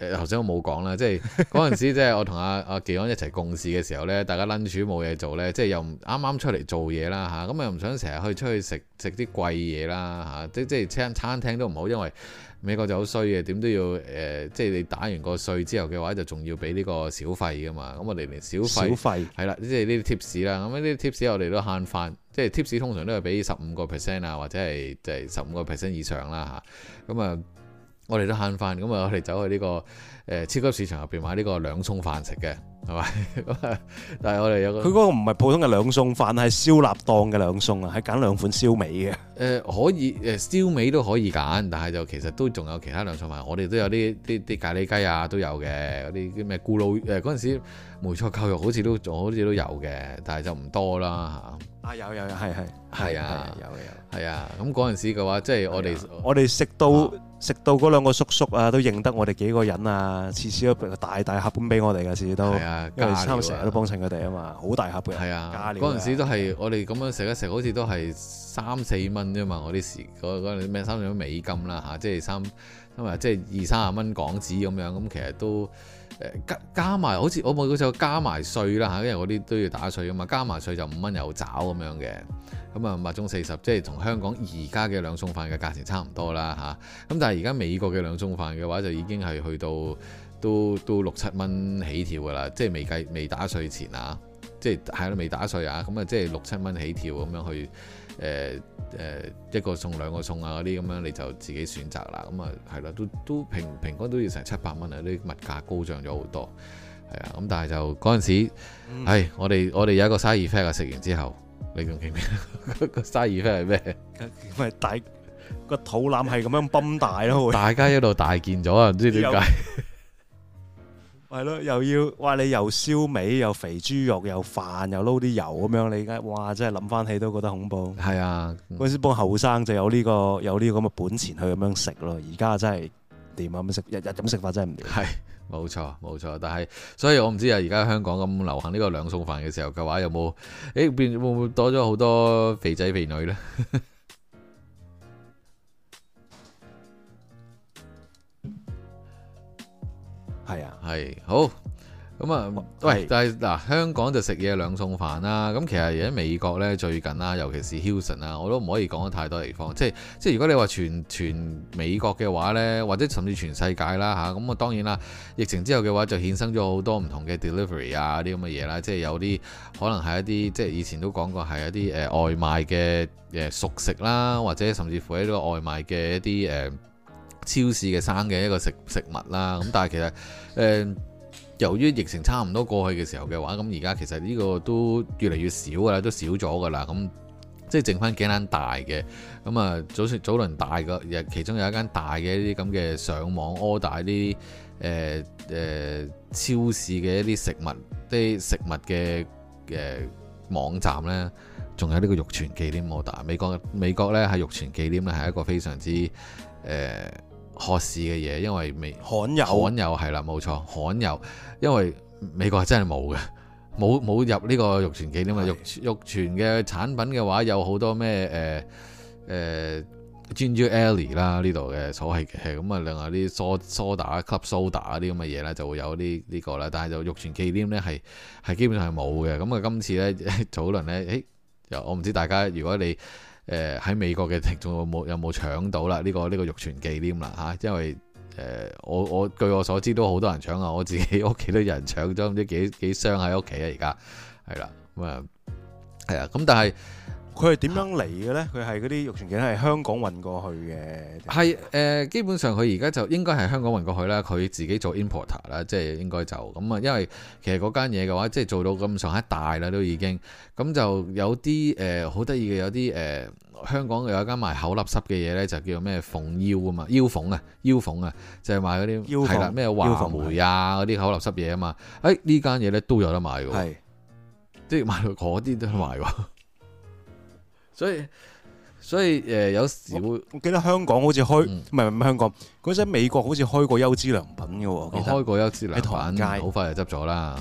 誒頭先我冇講啦，即係嗰陣時即係、就是、我同阿阿紀安一齊共事嘅時候呢，大家 lunch 冇嘢做呢，即係又唔啱啱出嚟做嘢啦嚇，咁、啊嗯、又唔想成日去出去食食啲貴嘢啦嚇，即即係餐餐廳都唔好，因為美國就好衰嘅，點都要誒、呃，即係你打完個稅之後嘅話，就仲要俾呢個小費噶嘛，咁、嗯、我哋連小費係啦，即係呢啲 tips 啦，咁呢啲 tips 我哋都慳翻，即係 tips 通常都係俾十五個 percent 啊，或者係就係十五個 percent 以上啦嚇，咁啊。嗯啊我哋都慳飯 kind of、right? 咁啊我哋走去呢個誒超級市場入邊買呢個兩餸飯食嘅，係咪 in envy、gotcha？但係我哋有個佢嗰個唔係普通嘅兩餸飯，係燒臘檔嘅兩餸啊，係揀兩款燒味嘅。誒可以誒燒味都可以揀，但係就其實都仲有其他兩餸飯，我哋都有啲啲啲咖喱雞啊都有嘅，嗰啲啲咩咕嚕誒嗰陣時梅菜扣肉好似都仲好似都有嘅，但係就唔多啦嚇。啊有有有係係係啊有有係啊咁嗰陣時嘅話，即係我哋我哋食到。食到嗰兩個叔叔啊，都認得我哋幾個人啊，次次都大大盒盤俾我哋㗎，次次都，啊啊、因為我哋成日都幫襯佢哋啊嘛，好大盒盤。係啊，嗰陣、啊、時都係、啊、我哋咁樣食一食，好似都係三四蚊啫嘛，我啲時嗰嗰咩三兩美金啦吓、啊，即係三，因為即係二三十蚊港紙咁樣，咁其實都。誒加加埋好似我冇嗰陣加埋稅啦嚇，因為嗰啲都要打稅啊嘛，加埋稅就五蚊有找咁樣嘅，咁啊五中四十，即係同香港而家嘅兩餸飯嘅價錢差唔多啦嚇，咁、啊、但係而家美國嘅兩餸飯嘅話就已經係去到都都六七蚊起跳噶啦，即係未計未打稅前啊，即係係咯未打稅啊，咁啊即係六七蚊起跳咁樣去。誒誒一個送兩個送啊，嗰啲咁樣你就自己選擇啦，咁啊係啦，都都平平均都要成七百蚊啊！啲物價高漲咗好多，係啊，咁但係就嗰陣時，嗯、唉，我哋我哋有一個 side effect 啊，食完之後你仲記唔記得個 side effect 係咩？唔係大個肚腩係咁樣泵大咯，大家一路大件咗啊，唔知點解有。 係咯，又要哇！你又燒味、又肥豬肉，又飯，又撈啲油咁樣，你而家哇！真係諗翻起都覺得恐怖。係啊，嗰陣時幫後生就有呢個有呢個咁嘅本錢去咁樣食咯。而家真係掂咁食，日日咁食法真係唔掂。係，冇錯冇錯。但係，所以我唔知啊，而家香港咁流行呢個兩餸飯嘅時候嘅話，有冇誒變會唔會多咗好多肥仔肥女咧？ 係好咁啊！嗯、喂，但係是嗱，呃、香港就食嘢兩餸飯啦。咁其實而家美國呢，最近啦，尤其是 Houston 啊，我都唔可以講得太多地方。即係即係如果你話全全美國嘅話呢，或者甚至全世界啦吓，咁啊當然啦，疫情之後嘅話就衍生咗好多唔同嘅 delivery 啊啲咁嘅嘢啦。即係有啲可能係一啲即係以前都講過係一啲誒、呃、外賣嘅誒熟食啦，或者甚至乎喺呢個外賣嘅一啲誒。呃超市嘅生嘅一個食食物啦，咁但係其實誒、呃，由於疫情差唔多過去嘅時候嘅話，咁而家其實呢個都越嚟越少噶啦，都少咗噶啦，咁、嗯、即係剩翻幾間大嘅，咁、嗯、啊早早輪大嘅，其中有一間大嘅一啲咁嘅上網 order 啲誒誒超市嘅一啲食物啲食物嘅誒、呃、網站呢，仲有呢個玉泉忌廉 order，美國美國呢係玉泉忌廉呢係一個非常之誒。呃學士嘅嘢，因為未罕有罕有係啦，冇錯罕有，因為美國係真係冇嘅，冇冇入呢個玉泉忌廉嘅玉玉泉嘅產品嘅話，有好多咩誒誒、呃呃、Ginger Ale 啦呢度嘅所謂嘅，咁、嗯、啊另外啲梳梳打 club soda 啲咁嘅嘢啦，就會有啲、這、呢個啦，但係就玉泉忌廉咧係係基本上係冇嘅，咁、嗯、啊今次咧早輪咧，誒我唔知大家如果你。誒喺、呃、美國嘅聽眾有冇有冇搶到啦、這個？呢、這個呢、這個玉泉忌廉啦嚇、啊，因為誒、呃、我我據我所知都好多人搶啊，我自己屋企都有人搶咗，唔知幾幾箱喺屋企啊，而家係啦，咁啊係啊，咁、嗯嗯、但係。佢係點樣嚟嘅咧？佢係嗰啲肉串嘅，係香港運過去嘅。係誒，基本上佢而家就應該係香港運過去啦。佢自己做 importer 啦，即係應該就咁啊。因為其實嗰間嘢嘅話，即係做到咁上一大啦，都已經咁就有啲誒好得意嘅，有啲誒香港有一間賣口立濕嘅嘢咧，就叫咩縫腰啊嘛，腰縫啊，腰縫啊，就係賣嗰啲係啦，咩話梅啊嗰啲口立濕嘢啊嘛。誒呢間嘢咧都有得賣嘅，即係賣嗰啲都賣㗎。所以所以誒、呃、有時會我，我記得香港好似開，唔係唔係香港，嗰陣美國好似開過優質良品嘅，開過優質良品，好快就執咗啦。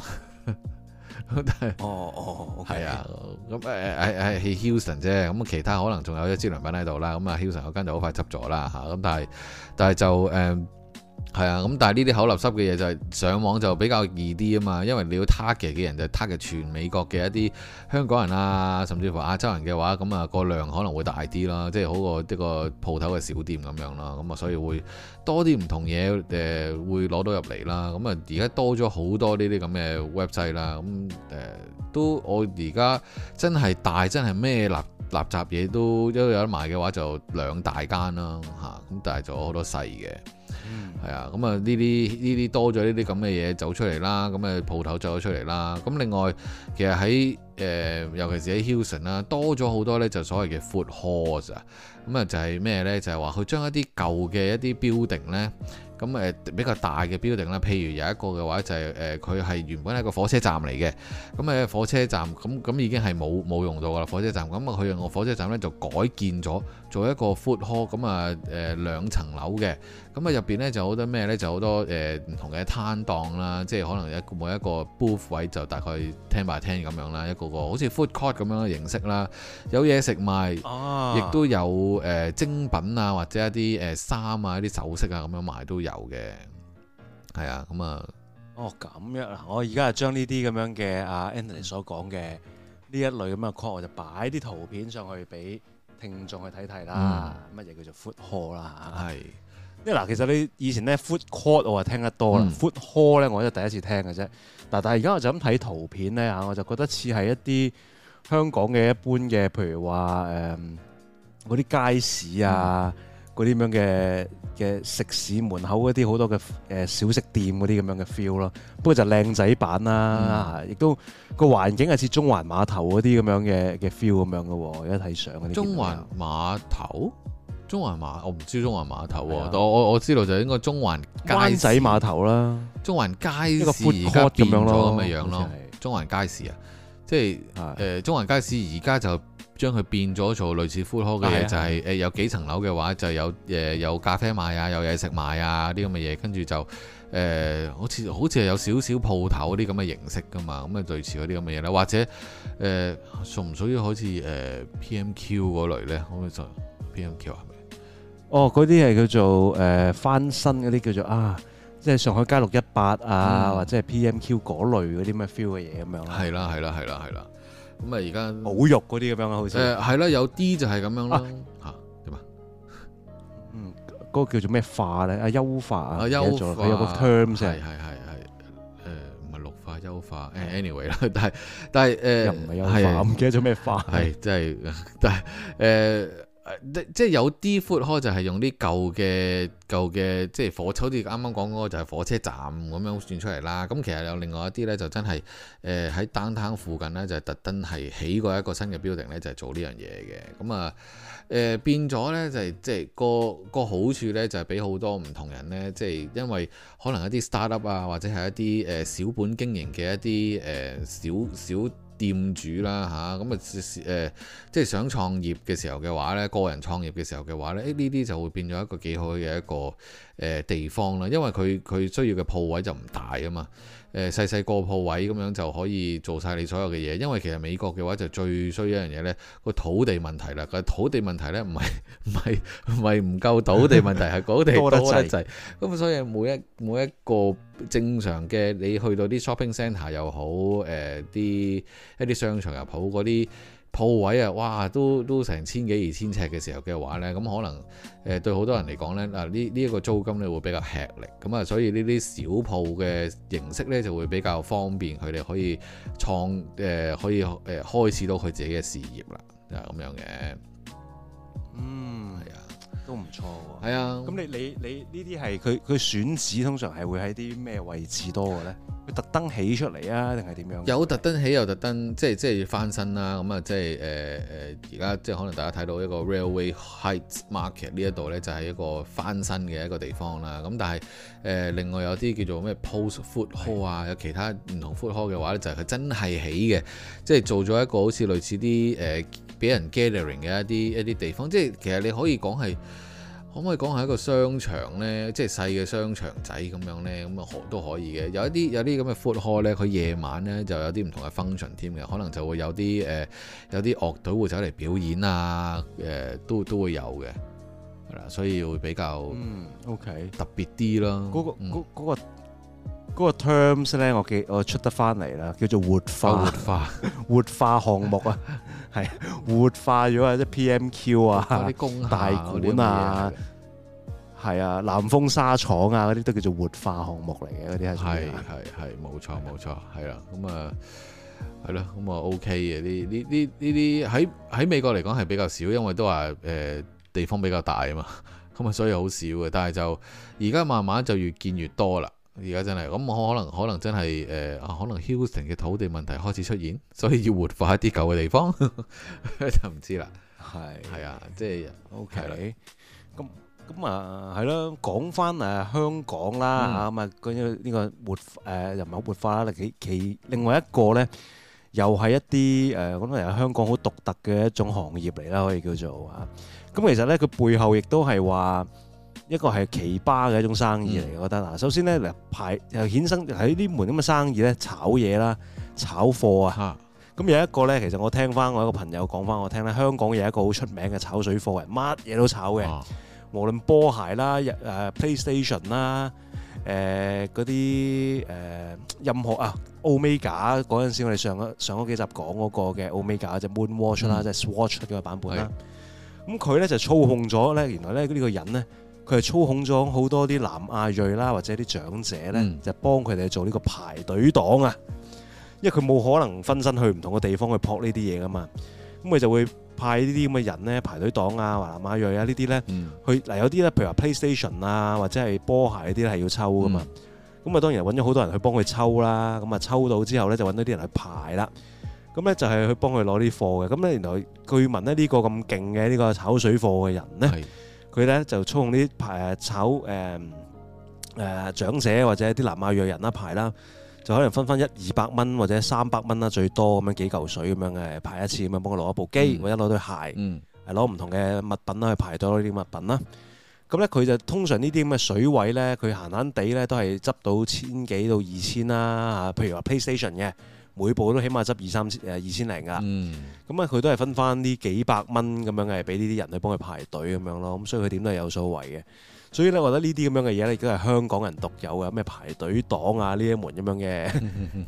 哦 但係是哦，係、okay、啊，咁誒誒誒係 Hilton 啫，咁、呃、其他可能仲有優質良品喺度啦，咁啊 Hilton 嗰間就好快執咗啦嚇，咁但係但係就誒。呃係啊，咁但係呢啲口立濕嘅嘢就係上網就比較易啲啊嘛，因為你要 target 嘅人就 target 全美國嘅一啲香港人啊，甚至乎亞洲人嘅話，咁、那、啊個量可能會大啲啦，即係好過一個鋪頭嘅小店咁樣啦。咁啊，所以會多啲唔同嘢，誒、呃、會攞到入嚟啦。咁啊，而家多咗好多呢啲咁嘅 website 啦。咁、嗯、誒、呃、都我而家真係大，真係咩垃垃雜嘢都都有得賣嘅話，就兩大間啦吓，咁、啊、但係仲有好多細嘅。嗯，係啊、嗯，咁啊呢啲呢啲多咗呢啲咁嘅嘢走出嚟啦，咁啊鋪頭走咗出嚟啦，咁另外其實喺誒、呃，尤其是喺 Hilton 啦，多咗好多呢，就所謂嘅 food halls 啊，咁啊就係、是、咩呢？就係話佢將一啲舊嘅一啲 building 呢，咁、嗯、誒、呃、比較大嘅 building 啦，譬如有一個嘅話就係誒佢係原本係一個火車站嚟嘅，咁、嗯、啊，火車站咁咁、嗯嗯、已經係冇冇用到噶啦火車站，咁啊佢用個火車站呢，就改建咗。做一個 food hall 咁啊誒、呃、兩層樓嘅，咁啊入邊咧就好多咩咧就好多誒唔、呃、同嘅攤檔啦，即係可能一個每一個 booth 位就大概聽埋聽咁樣啦，一個一個好似 food court 咁樣嘅形式啦，有嘢食賣，哦、啊，亦都有誒、呃、精品啊或者一啲誒衫啊一啲首飾啊咁樣賣都有嘅，係啊，咁啊哦咁樣啊，哦、樣我而家啊將呢啲咁樣嘅啊 Anthony 所講嘅呢一類咁嘅 court 我就擺啲圖片上去俾聽眾去睇睇啦，乜嘢、啊、叫做 food hall 啦嚇是，係，嗱其實你以前咧 food court 我話聽得多啦、嗯、，food hall 咧我係第一次聽嘅啫，嗱但係而家我就咁睇圖片咧嚇，我就覺得似係一啲香港嘅一般嘅，譬如話誒嗰啲街市啊。嗯。嗰啲咁樣嘅嘅食肆門口嗰啲好多嘅誒小食店嗰啲咁樣嘅 feel 咯，不過就靚仔版啦，亦、嗯、都個環境係似中環碼頭嗰啲咁樣嘅嘅 feel 咁樣嘅喎，而家睇相嗰啲。中環碼頭？中環碼？我唔知中環碼頭喎、啊，啊、我我我知道就應該中環街灣仔碼頭啦。中環街市而家變咗咁嘅樣咯，中環街市啊，即係誒中環街市而家就。將佢變咗做類似 food hall 嘅嘢，啊、就係誒有幾層樓嘅話，就有誒有咖啡賣啊，有嘢食賣啊啲咁嘅嘢，跟住就誒、呃、好似好似係有少少鋪頭啲咁嘅形式噶嘛，咁啊類似嗰啲咁嘅嘢啦，或者誒、呃、屬唔屬於好似誒、呃、PMQ 嗰類咧？可唔可以得 PMQ 係咪？是是哦，嗰啲係叫做誒、呃、翻新嗰啲叫做啊，即、就、係、是、上海街六一八啊，嗯、或者係 PMQ 嗰類嗰啲咩 feel 嘅嘢咁樣啦。係啦，係、啊、啦，係啦，係啦。咁、呃、啊，而家侮辱嗰啲咁樣啊，好似誒係啦，有啲就係咁樣咯吓，點啊？嗯，嗰個叫做咩化咧？啊優化啊，優化，佢有個 terms 啊，係係係，誒唔係綠化優化，誒 anyway 啦，但係但係誒，又唔係優化，唔記得咗咩化，係即係，但係誒。呃即係有啲 food hall 就係用啲舊嘅舊嘅，即係火車，好似啱啱講嗰個就係、是、火車站咁樣轉出嚟啦。咁其實有另外一啲呢，就真係誒喺 Downtown 附近呢，就係特登係起過一個新嘅 building 呢，就係做呢樣嘢嘅。咁啊誒變咗呢，就係即係個個好處呢，就係俾好多唔同人呢，即係因為可能一啲 startup 啊，或者係一啲誒小本經營嘅一啲誒小小。小店主啦吓，咁啊、嗯、即係、呃、想創業嘅時候嘅話咧，個人創業嘅時候嘅話咧，誒呢啲就會變咗一個幾好嘅一個。誒地方啦，因為佢佢需要嘅鋪位就唔大啊嘛，誒細細個鋪位咁樣就可以做晒你所有嘅嘢。因為其實美國嘅話就最需要一樣嘢，呢個土地問題啦。個土地問題呢，唔係唔係唔係唔夠土地問題，係土 地多得滯。咁所以每一每一個正常嘅你去到啲 shopping center 又好，誒啲一啲商場又好嗰啲。鋪位啊，哇，都都成千幾二千尺嘅時候嘅話呢，咁可能誒對好多人嚟講呢，啊呢呢一個租金呢會比較吃力，咁啊，所以呢啲小鋪嘅形式呢，就會比較方便，佢哋可以創誒、呃、可以誒開始到佢自己嘅事業啦，啊就係咁樣嘅，嗯，係啊。都唔錯喎，係啊，咁你你你呢啲係佢佢選址通常係會喺啲咩位置多嘅咧？特登起出嚟啊，定係點樣？有特登起，有特登即係即係翻身啦。咁、嗯、啊，即係誒誒，而、呃、家即係可能大家睇到一個 Railway Heights Market 呢一度咧，就係一個翻身嘅一個地方啦。咁但係誒、呃，另外有啲叫做咩 post food hall 啊的，有其他唔同 food hall 嘅話咧，就係、是、佢真係起嘅，即係做咗一個好似類似啲誒。呃俾人 gathering 嘅一啲一啲地方，即係其實你可以講係，可唔可以講係一個商場咧？即係細嘅商場仔咁樣咧，咁啊都都可以嘅。有一啲有啲咁嘅 food hall 咧，佢夜晚咧就有啲唔同嘅 function 添嘅，可能就會有啲誒、呃、有啲樂隊會走嚟表演啊，誒、呃、都都會有嘅係啦。所以會比較嗯 OK 特別啲咯。嗰個嗰、嗰個嗰個、terms 咧，我記我出得翻嚟啦，叫做活化、啊、活化 活化項目啊。係 活化咗啊！即 P M Q 啊，啲工大館啊，係啊，南豐紗廠啊，嗰啲都叫做活化項目嚟嘅。嗰啲係係係冇錯冇錯係啦。咁啊係咯，咁啊 O K 嘅呢呢呢呢啲喺喺美國嚟講係比較少，因為都話誒、呃、地方比較大啊嘛，咁啊所以好少嘅。但係就而家慢慢就越見越多啦。而家真係咁，我可能可能真係誒，可能 Houston 嘅土地問題開始出現，所以要活化一啲舊嘅地方，就唔知啦。係係啊，即係 OK。咁咁啊，係咯，講翻誒香港啦嚇，咁啊，關於呢個活誒又唔係好活化啦。其其另外一個咧，又係一啲誒，咁啊，香港好獨特嘅一種行業嚟啦，可以叫做啊。咁其實咧，佢背後亦都係話。一個係奇葩嘅一種生意嚟，嘅。我覺得嗱。首先咧，嗱排又衍生喺呢門咁嘅生意咧，炒嘢啦，炒貨啊。咁、啊、有一個咧，其實我聽翻我一個朋友講翻我聽咧，香港有一個好出名嘅炒水貨人，乜嘢都炒嘅，啊、無論波鞋啦、啊、誒 PlayStation 啦、誒嗰啲誒任何啊，Omega 嗰陣時，我哋上嗰上嗰幾集講嗰個嘅 Omega，即係 Moon Watch 啦，即係、嗯、Swatch 嗰個版本啦。咁佢咧就操控咗咧，原來咧呢個人咧。佢係操控咗好多啲南亞裔啦，或者啲長者咧，嗯、就幫佢哋做呢個排隊黨啊！因為佢冇可能分身去唔同嘅地方去撲呢啲嘢噶嘛，咁佢就會派呢啲咁嘅人咧排隊黨啊，華南亞裔啊呢啲咧，去嗱、嗯、有啲咧，譬如話 PlayStation 啊，或者係波鞋呢啲咧係要抽噶嘛，咁啊、嗯、當然揾咗好多人去幫佢抽啦，咁啊抽到之後咧就揾到啲人去排啦，咁咧就係去幫佢攞啲貨嘅。咁咧原來據聞咧呢個咁勁嘅呢個炒水貨嘅人咧。佢咧就操控啲排，炒誒誒長者或者啲南亞裔人啦排啦，嗯、就可能分分一二百蚊或者三百蚊啦，最多咁樣幾嚿水咁樣誒排一次咁樣，幫佢攞一部機、嗯、或者攞對鞋，攞唔、嗯啊、同嘅物品啦去排咗呢啲物品啦。咁咧佢就通常呢啲咁嘅水位咧，佢閒閒地咧都係執到千幾到二千啦嚇，譬如話 PlayStation 嘅。每部都起碼執二三千誒二千零噶，咁啊佢都係分翻呢幾百蚊咁樣嘅，俾呢啲人去幫佢排隊咁樣咯。咁所以佢點都係有所謂嘅。所以咧，我覺得呢啲咁樣嘅嘢咧，亦都係香港人獨有嘅，咩排隊黨啊呢一門咁樣嘅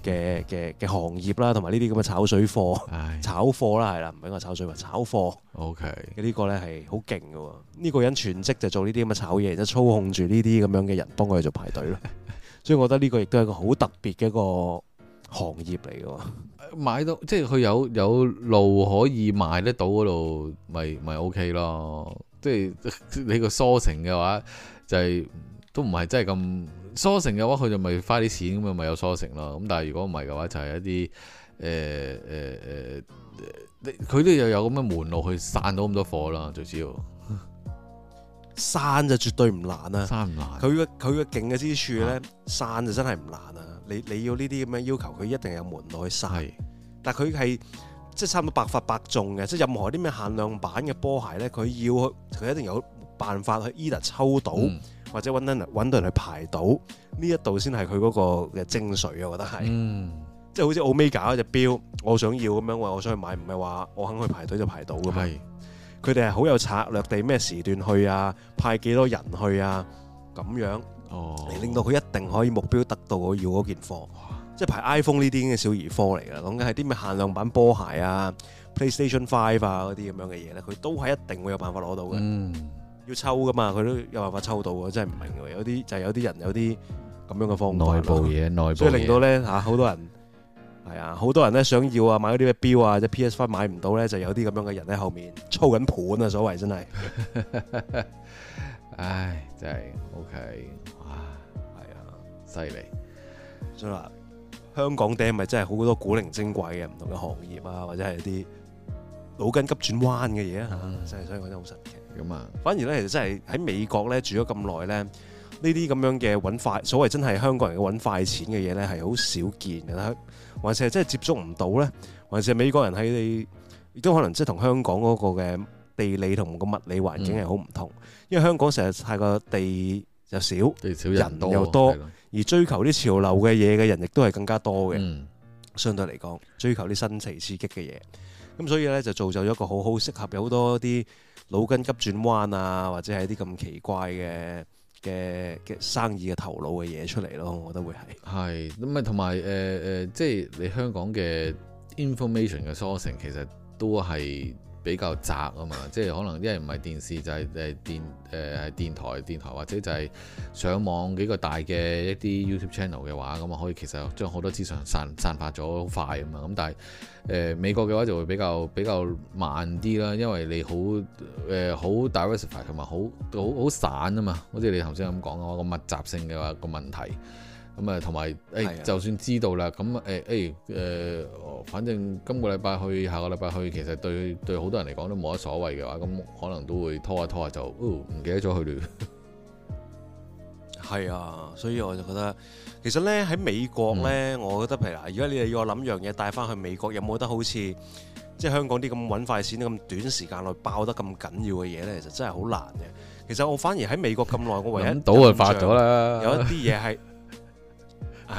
嘅嘅嘅行業啦，同埋呢啲咁嘅炒水貨、哎、炒貨啦，係啦，唔係應該炒水貨，炒貨。OK。呢個咧係好勁嘅喎，呢個人全職就做呢啲咁嘅炒嘢，即係操控住呢啲咁樣嘅人幫佢哋做排隊咯。 所以我覺得呢個亦都係一個好特別嘅一個行業嚟嘅喎，買到即係佢有有路可以買得到嗰度，咪咪 O K 咯。即係你個疏成嘅話，就係、是、都唔係真係咁疏成嘅話，佢就咪花啲錢咁啊，咪有疏成咯。咁但係如果唔係嘅話，就係、是、一啲誒誒誒，佢都又有咁嘅門路去散到咁多貨啦。最主要散就絕對唔難啊！散唔難。佢嘅佢個勁嘅之處咧，散就真係唔難啊！你你要呢啲咁樣要求，佢一定有門路晒。是但佢係即係差唔多百發百中嘅，即係任何啲咩限量版嘅波鞋咧，佢要佢一定有辦法去 e r 抽到，嗯、或者揾到人，人去排到呢一度先係佢嗰個嘅精髓啊！我覺得係，嗯、即係好似 Omega 嗰隻表，我想要咁樣，我我想去買，唔係話我肯去排隊就排到㗎嘛。佢哋係好有策略地咩時段去啊，派幾多人去啊，咁樣。嚟令到佢一定可以目標達到我要嗰件貨。即係排 iPhone 呢啲咁嘅小兒科嚟噶，講緊係啲咩限量版波鞋啊、PlayStation Five 啊嗰啲咁樣嘅嘢咧，佢都係一定會有辦法攞到嘅。要抽噶嘛，佢都有辦法抽到嘅，真係唔明喎。有啲就係有啲人有啲咁樣嘅方法。內部嘢，內部。所以令到咧嚇好多人係啊，好多人咧想要啊買嗰啲咩表啊，即係 PS Five 買唔到咧，就有啲咁樣嘅人喺後面抽緊盤啊，所謂真係。唉，真係 OK。犀利，所以話香港啲咪真係好多古靈精怪嘅唔同嘅行業啊，或者係一啲腦筋急轉彎嘅嘢啊吓，真係所以講真好神奇咁啊。反而咧，其實真係喺美國咧住咗咁耐咧，呢啲咁樣嘅揾快所謂真係香港人嘅揾快錢嘅嘢咧，係好少見嘅啦。還是係真係接觸唔到咧？還是係美國人喺你亦都可能即係同香港嗰個嘅地理同個物理環境係好唔同，因為香港成日係個地又少，人又多。而追求啲潮流嘅嘢嘅人，亦都係更加多嘅。嗯、相對嚟講，追求啲新奇刺激嘅嘢，咁所以呢，就造就咗一個好好適合有好多啲腦筋急轉彎啊，或者係啲咁奇怪嘅嘅嘅生意嘅頭腦嘅嘢出嚟咯。我覺得會係，係，咁咪同埋誒誒，即係你香港嘅 information 嘅 source 其實都係。比較窄啊嘛，即係可能因為唔係電視就係，是、誒電誒係，呃、電台電台或者就係上網幾個大嘅一啲 YouTube channel 嘅話，咁啊可以其實將好多資訊散散發咗好快啊嘛。咁但係誒，呃、美國嘅話就會比較比較慢啲啦，因為你好誒好 diversify 同埋好好散啊嘛，好似你頭先咁講嘅話個密集性嘅話個問題。咁啊，同埋，誒、哎，的就算知道啦，咁誒，誒、哎，誒、呃，反正今個禮拜去，下個禮拜去，其實對對好多人嚟講都冇乜所謂嘅話，咁可能都會拖下拖下就唔記得咗佢。咯、哦。係啊， 所以我就覺得，其實咧喺美國咧，嗯、我覺得譬如如果你哋要我諗樣嘢帶翻去美國，有冇得好似即係香港啲咁搵快錢、咁短時間內爆得咁緊要嘅嘢咧？其實真係好難嘅。其實我反而喺美國咁耐，我唯一諗到就發咗啦，有一啲嘢係。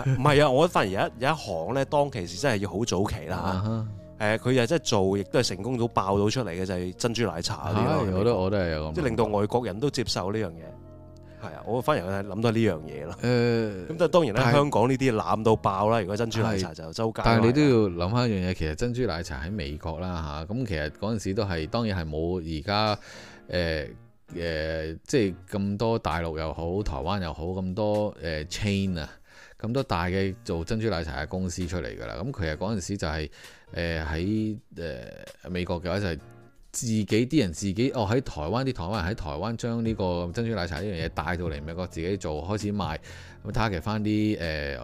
唔係 啊！我反而有有一行咧，當其時真係要好早期啦。誒、uh，佢又真係做，亦都係成功到爆到出嚟嘅，就係、是、珍珠奶茶嗰啲咯。我都我都係咁，即係令到外國人都接受呢樣嘢係啊。我反而係諗到呢樣嘢咯。咁、uh，但、huh。係當然咧，但香港呢啲攬到爆啦。如果珍珠奶茶就周街，uh huh。但係你都要諗翻一樣嘢，其實珍珠奶茶喺美國啦嚇咁，啊、其實嗰陣時都係當然係冇而家誒誒，即係咁多大陸又好、台灣又好咁多誒 chain 啊。咁多大嘅做珍珠奶茶嘅公司出嚟噶啦，咁佢啊嗰陣時就係誒喺誒美國，嘅話就係自己啲人自己哦喺台灣啲台灣人，喺台灣將呢個珍珠奶茶呢樣嘢帶到嚟美國自己做，開始賣，咁睇下其實翻啲誒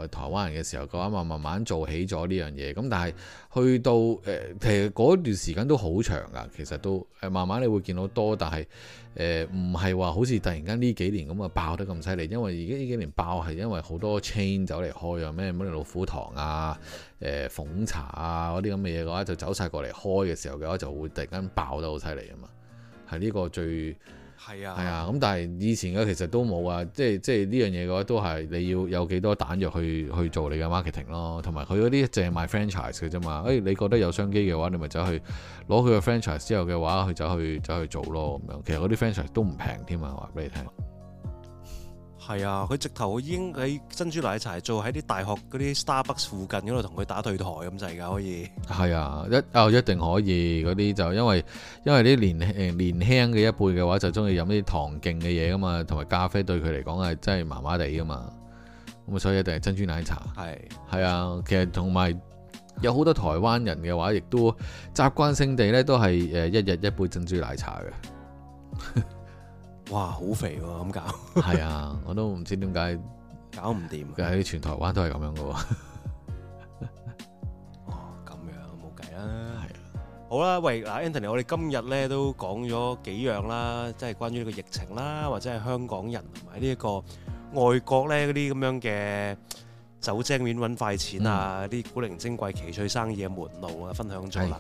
台灣人嘅時候嘅話，慢慢做起咗呢樣嘢，咁但係去到誒、呃、其實嗰段時間都好長噶，其實都誒慢慢你會見到多，但係。誒唔係話好似突然間呢幾年咁啊爆得咁犀利，因為而家呢幾年爆係因為好多 chain 走嚟開啊咩，乜老虎堂啊、誒、呃、鳳茶啊嗰啲咁嘅嘢嘅話，就走晒過嚟開嘅時候嘅話，就會突然間爆得好犀利啊嘛，係呢個最。係啊，係啊，咁但係以前嘅其實都冇啊，即係即係呢樣嘢嘅話都係你要有幾多彈藥去去做你嘅 marketing 咯，同埋佢嗰啲淨係賣 franchise 嘅啫嘛，誒、哎、你覺得有商機嘅話，你咪走去攞佢嘅 franchise 之後嘅話，佢走去走去，去做咯咁樣，其實嗰啲 franchise 都唔平添啊，話俾你聽。係啊，佢直頭已經喺珍珠奶茶做，喺啲大學嗰啲 Starbucks 附近嗰度同佢打對台咁滯㗎，可以。係啊，一啊、哦、一定可以嗰啲就因為因為啲年、呃、年輕嘅一輩嘅話就中意飲啲糖勁嘅嘢㗎嘛，同埋咖啡對佢嚟講係真係麻麻地㗎嘛，咁啊所以一定係珍珠奶茶。係係是啊，其實同埋有好多台灣人嘅話，亦都習慣性地咧都係誒一日一杯珍珠奶茶嘅。 哇，好肥喎！咁搞係啊，啊 我都唔知點解搞唔掂。喺全台灣都係咁樣嘅喎、啊。 哦，咁樣冇計啦，係啊。好啦，喂，嗱，Anthony，我哋今日咧都講咗幾樣啦，即係關於呢個疫情啦，或者係香港人同埋呢一個外國咧嗰啲咁樣嘅走精面揾快錢啊，啲、嗯、古靈精怪奇趣生意嘅門路啊，分享咗啦。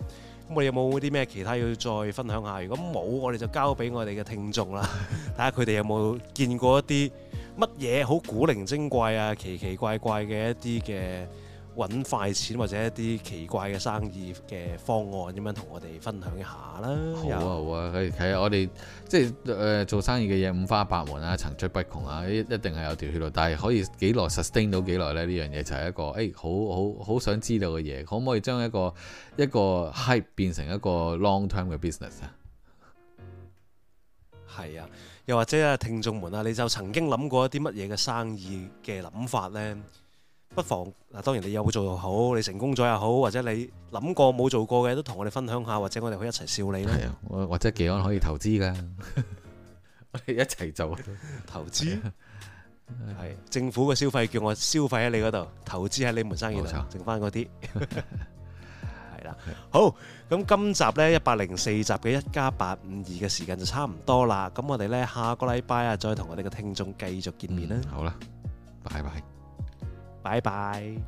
咁我哋有冇啲咩其他要再分享下？如果冇，我哋就交俾我哋嘅聽眾啦，睇下佢哋有冇見過一啲乜嘢好古靈精怪呀、奇奇怪怪嘅一啲嘅。揾快錢或者一啲奇怪嘅生意嘅方案，咁樣同我哋分享一下啦？好啊好啊，係係我哋即係誒做生意嘅嘢五花八門啊，層出不窮啊，一定係有條血路，但係可以幾耐 sustain 到幾耐咧？呢樣嘢就係一個誒、哎、好好好想知道嘅嘢，可唔可以將一個一個 hype 變成一個 long term 嘅 business 啊？係啊，又或者啊，聽眾們啊，你就曾經諗過一啲乜嘢嘅生意嘅諗法咧？不妨嗱，當然你有做又好，你成功咗又好，或者你諗過冇做過嘅都同我哋分享下，或者我哋可以一齊笑你咧。係啊、哎呀，是或者幾安可以投資噶， 一齊做投資，係政府嘅消費叫我消費喺你嗰度，投資喺你門生意度，沒錯 剩翻嗰啲係啦。好，咁今集呢，一百零四集嘅一家八五二嘅時間就差唔多啦。咁我哋呢，下個禮拜啊，再同我哋嘅聽眾繼續見面啦、嗯。好啦，拜拜。拜拜。